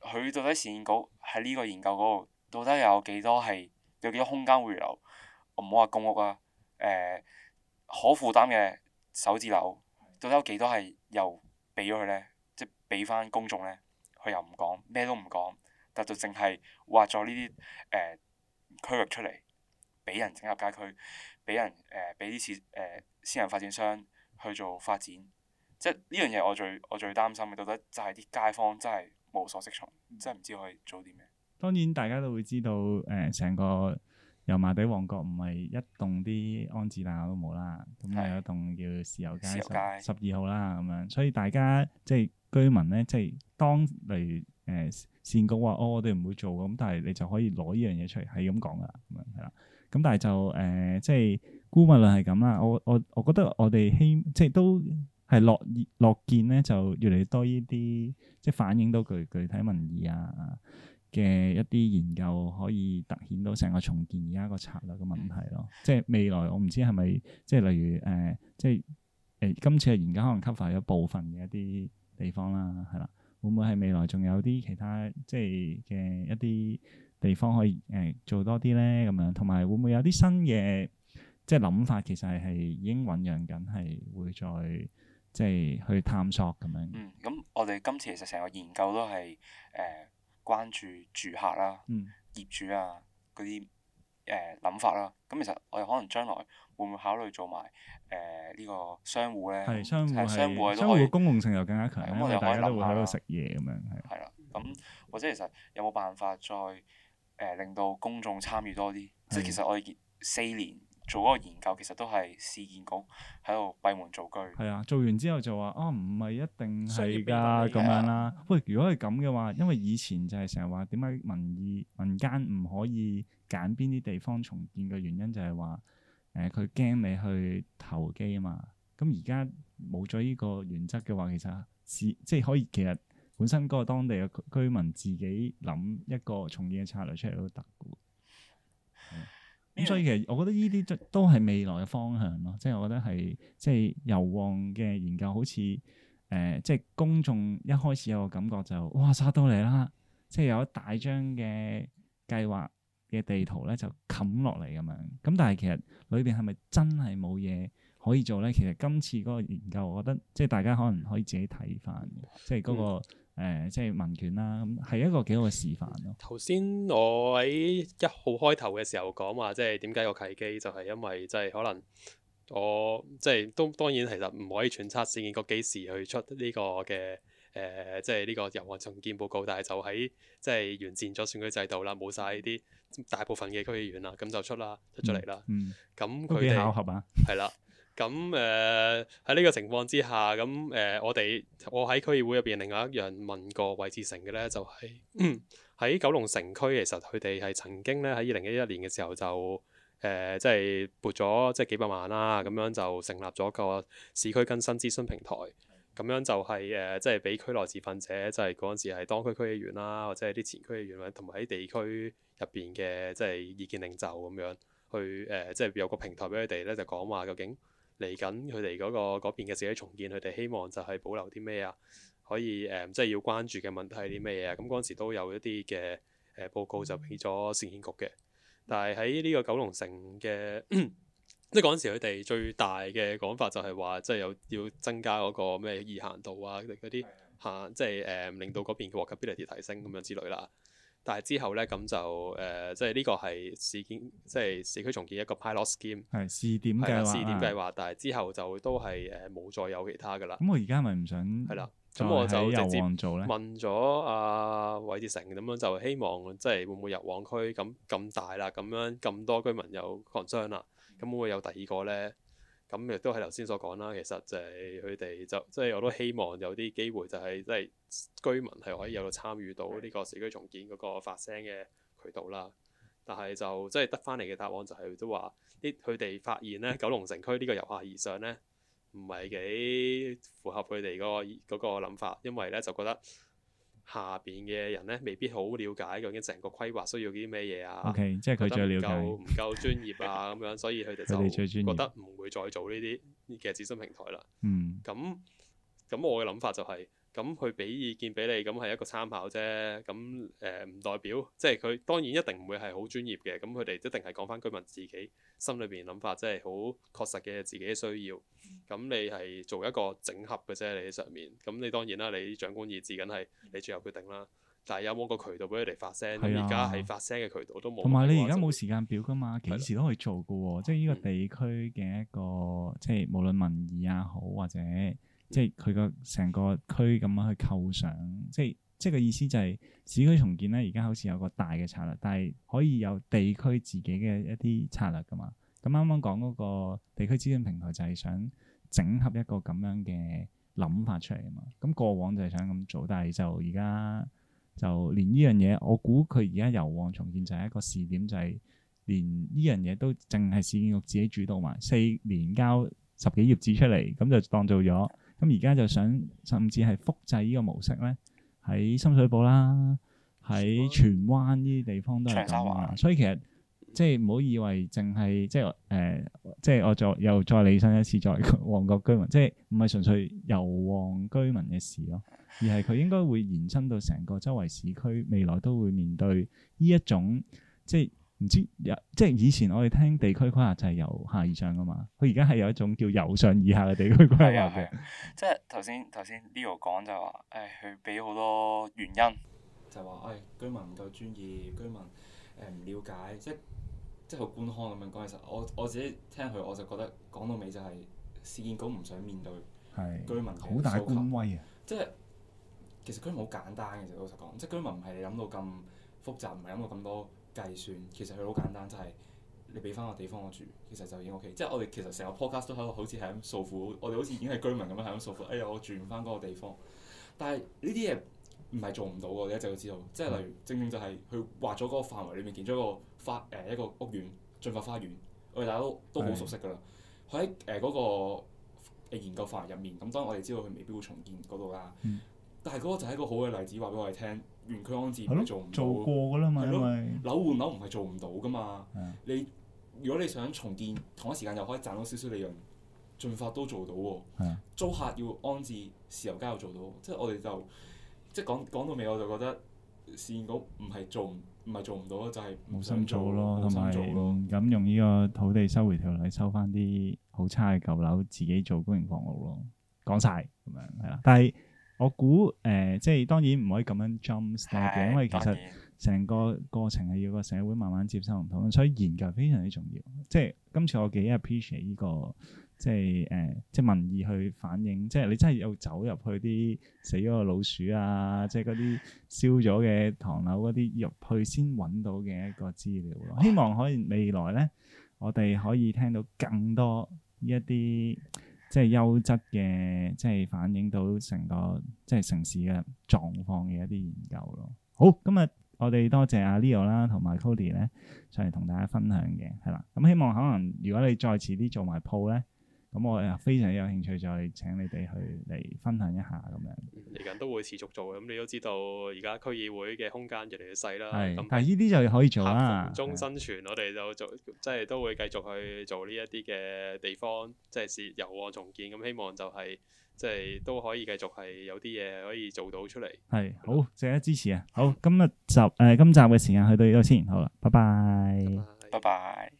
佢到底市建局喺呢個研究嗰度，到底有幾多係有幾多空間回流？唔好話公屋啊，誒、呃、可負擔嘅首置樓，到底有幾多係又俾咗佢呢？即係俾翻公眾咧，佢又唔講，咩都唔講，但就淨係劃咗呢啲誒區域出嚟，俾人整合街區，俾人誒俾啲私私人發展商去做發展。即係呢樣嘢，我最我最擔心嘅，到底就係啲街坊真係無所適從，真係唔知可以做啲咩。當然大家都會知道誒，成、呃、個油麻地旺角唔係一棟啲安置樓都冇啦，咁有一棟叫豉油街，十，豉油街十二號啦，咁樣，所以大家即係。居民咧，即係當嚟誒、呃、善局話，哦，我哋唔會做咁，但係你就可以攞依、就是、樣嘢出嚟，係咁講噶，咁樣係啦。咁但係就誒、呃，即係姑勿論係咁啦。我我我覺得我哋希，即係都係樂意樂見咧，就越嚟越多呢啲，即係反映到具具體民意啊嘅一啲研究，可以突顯到成個重建而家個策略嘅問題咯。 (laughs) 即係未來我唔知係咪，即係例如誒、呃，即係誒、呃、今次嘅研究可能 cover 咗部分嘅一啲。地方啦，係啦，會唔會係未來仲有啲其他即係嘅一啲地方可以誒、呃、做多啲咧？咁樣同埋會唔會有啲新嘅即係諗法？其實係已經醖釀緊，係會再即係去探索咁樣。嗯，咁我哋今次其實成個研究都係誒、呃、關注住客啦、嗯、業主啊嗰啲誒諗法啦。咁其實我哋可能將來會唔會考慮做埋？誒呢、呃這個商戶咧，係商戶，商戶，商戶公共性又更加強，咁我哋可以喺度食嘢咁樣，係啦。咁或者其實有冇辦法再誒、呃、令到公眾參與多啲？即係的其實我哋四年做嗰個研究，其實都係市建局喺度閉門造車。係啊，做完之後就話啊，哦、唔係一定係㗎咁樣啦。喂的，如果係咁嘅話，因為以前就係成日話點解民意民間唔可以揀邊啲地方重建嘅原因、就是，就係話。誒佢驚你去投機啊嘛，咁而家冇咗呢個原則嘅話，其實即係可以，其實本身嗰個當地嘅居民自己諗一個重建嘅策略出嚟都得咁麼、嗯、所以其實我覺得呢啲都係未來嘅方向咯，即、就、係、是、我覺得係即係油旺嘅研究好似誒，即、呃、係、就是、公眾一開始有個感覺就哇殺到你啦，即、就、係、是、有一大張嘅計劃。嘅地圖咧就冚落嚟咁樣，咁但係其實裏邊係咪真係冇嘢可以做咧？其實今次嗰個研究，我覺得即係大家可能可以自己睇返，即係、那、嗰個誒、嗯呃、即係民權啦，咁係一個幾好嘅示範咯。頭先我喺一號開頭嘅時候講話，即係點解有契機，就係、是、因為即係可能我即係都當然其實唔可以揣測事件過幾時去出呢個嘅誒、呃，即係呢個油旺重建報告，但係就喺即係完善咗選舉制度啦，冇曬啲。大部分嘅區議員啦，咁就出啦，出咗嚟啦。咁佢考核啊？係啦，咁誒喺呢個情況之下，咁誒、呃、我哋我喺區議會入邊另外一樣問過韋志成嘅呢，就係、是、喺、嗯、九龍城區，其實佢哋係曾經呢，喺二零一一年嘅時候就誒即係撥咗即係幾百萬啦，咁樣就成立咗個市區更新諮詢平台。咁樣就係誒，即係俾區內自憤者，就係嗰陣時係當區區議員啦，或者係啲前區議員同埋喺地區入邊嘅，即係意見領袖咁樣，去誒，即、呃、係、就是、有個平台俾佢哋咧，就講話究竟嚟緊佢哋嗰個嗰邊嘅自己重建，佢哋希望就係保留啲咩啊？可以誒，即、呃、係、就是、要關注嘅問題係啲咩嘢啊？咁嗰陣時都有一啲嘅誒報告就俾咗善建局市建局嘅，但係喺呢個九龍城嘅。 (coughs) 即係嗰陣時，佢哋最大嘅講法就係話，即係有要增加嗰個咩易行度啊，嗰啲行，即係誒、嗯、令到嗰邊嘅 walkability 提升咁樣之類啦。但係之後咧，咁就誒，即係呢個係市建，即係市區重建一個 pilot scheme，係試點計劃，試點計劃。啊、但係之後就都係誒冇再有其他噶啦。咁我而家咪唔想係啦，咁我就直接問咗阿、啊、韋志成，咁、嗯、樣就希望即係會唔會入旺區咁咁大啦，咁樣咁多居民有 concern 啦。咁會有第二個呢，咁亦都係頭先所講啦。其實就係佢哋就即係、就是、我都希望有啲機會就係即係居民係可以有到參與到呢個市區重建嗰個發聲嘅渠道啦。但係就即係、就是、得翻嚟嘅答案就係都話啲佢哋發現呢，九龍城區呢個由下而上呢，唔係幾符合佢哋嗰個嗰個諗法，因為呢就覺得。下邊嘅人咧，未必好了解究竟成個規劃需要啲咩嘢啊。O、okay, K，即係佢最了解，唔夠唔夠專業啊，咁 (laughs) 樣，所以佢哋就覺得唔會再做呢啲嘅諮詢平台啦。嗯，咁咁我嘅諗法就係、是。咁佢俾意見俾你，咁係一個參考啫。咁誒唔代表，即係佢當然一定唔會係好專業嘅。咁佢哋一定係講翻居民自己心裏邊諗法，即係好確實嘅自己嘅需要。咁你係做一個整合嘅啫，你喺上面。咁你當然啦，你長官意志緊係你最後決定啦。但係有冇個渠道俾佢哋發聲？而家係發聲嘅渠道都冇。同埋你而家冇時間表㗎嘛？幾時都可以做㗎喎。了即係呢個地區嘅一個，嗯、即係無論民意也好或者。即係佢個成個區咁樣去構想，即係即係個意思就係市區重建咧，而家好似有個大嘅策略，但係可以有地區自己嘅一啲策略噶嘛。咁啱啱講嗰個地區資訊平台就係想整合一個咁樣嘅諗法出嚟啊嘛。咁過往就係想咁做，但係就而家就連呢樣嘢，我估佢而家油旺重建就係一個試點，就係、是、連呢樣嘢都淨係市建局自己主導埋，四年交十幾頁紙出嚟，咁就當做咗。咁而家就想甚至係複製呢個模式咧，喺深水埗啦，喺荃灣呢啲地方都係咁啊！所以其實即係唔好以為淨係即係誒，即係、呃、我再又再理身一次，作為旺角居民，即係唔係純粹油旺居民嘅事咯，而係佢應該會延伸到成個周圍市區，未來都會面對呢一種即係。唔知有，即係以前我哋聽地區規劃就係由下而上噶嘛，佢而家係有一種叫由上而下嘅地區規劃嘅。即係頭先頭先 Leo 講就話，誒，佢俾好多原因，就話誒、哎、居民唔夠專業，居民誒唔、呃、了解，即係即係好官腔咁樣講。其實我我自己聽佢，我就覺得講到尾就係、是、市建局唔想面對居民好大官威啊！即係其實居民好簡單嘅，其實老實講，即係居民唔係諗到咁複雜，唔係諗到咁多。計算其實佢好簡單，就係、是、你俾翻個地方我住，其實就已經 O K。即係我哋其實成個 podcast 都喺度，好似係咁訴苦。 (laughs) 我哋好似已經係居民咁樣係咁訴苦。哎呀，我住唔翻嗰個地方，但係呢啲嘢唔係做唔到嘅。你一直都知道。即係例如正正就係佢劃咗嗰個範圍裡面建咗個花誒、呃、一個屋苑、駿發花園。我哋大家都好熟悉㗎啦。佢喺誒嗰個研究範圍入面，咁當然我哋知道佢未必會重建嗰度啦。嗯、但係嗰個就係一個好嘅例子，話俾我哋聽。原區安置唔會做唔到，做過噶啦嘛，的因為樓換樓唔係做唔到噶嘛。的你如果你想重建同一時間又可以賺到少少利潤，進發都做到喎。的租客要安置豉油街又做到，的即，即係我哋就即係講講到尾我就覺得市建局唔係做唔，唔係做唔到咯，就係、是、冇心做咯，冇心做咯。咁有用呢個土地收回條例收翻啲好差嘅舊樓，自己做公營房屋咯。講晒，咁樣係啦，但係。我估誒、呃，即係當然唔可以咁樣 jump start 因為其實成個過程係要個社會慢慢接收唔同，所以研究非常之重要。即係今次我幾 appreciate 呢、這個，即係誒、呃，即係民意去反映，即係你真係要走入去啲死咗嘅老鼠啊，即係嗰啲燒咗嘅唐樓嗰啲入去先揾到嘅一個資料咯。希望可以未來咧，我哋可以聽到更多呢一啲。即係優質嘅，即係反映到成個即係城市嘅狀況嘅一啲研究咯。好，今日我哋多謝阿、啊、Leo 啦，同埋 Cody 咧上嚟同大家分享嘅，係啦。咁、嗯、希望可能如果你再遲啲做埋鋪咧。咁我啊非常有興趣，就係請你哋去嚟分享一下咁樣。嚟緊都會持續做嘅，咁你都知道而家區議會嘅空間越嚟越細啦。係。咁，但係呢啲就可以做啦。中生存，我哋就做，即係都會繼續去做呢一啲嘅地方，即係是油旺重建。咁希望就係，即係都可以繼續係有啲嘢可以做到出嚟。係，好，謝謝支持啊！好，今日集誒，今集嘅時間去到呢度先，好啦，拜拜，拜拜。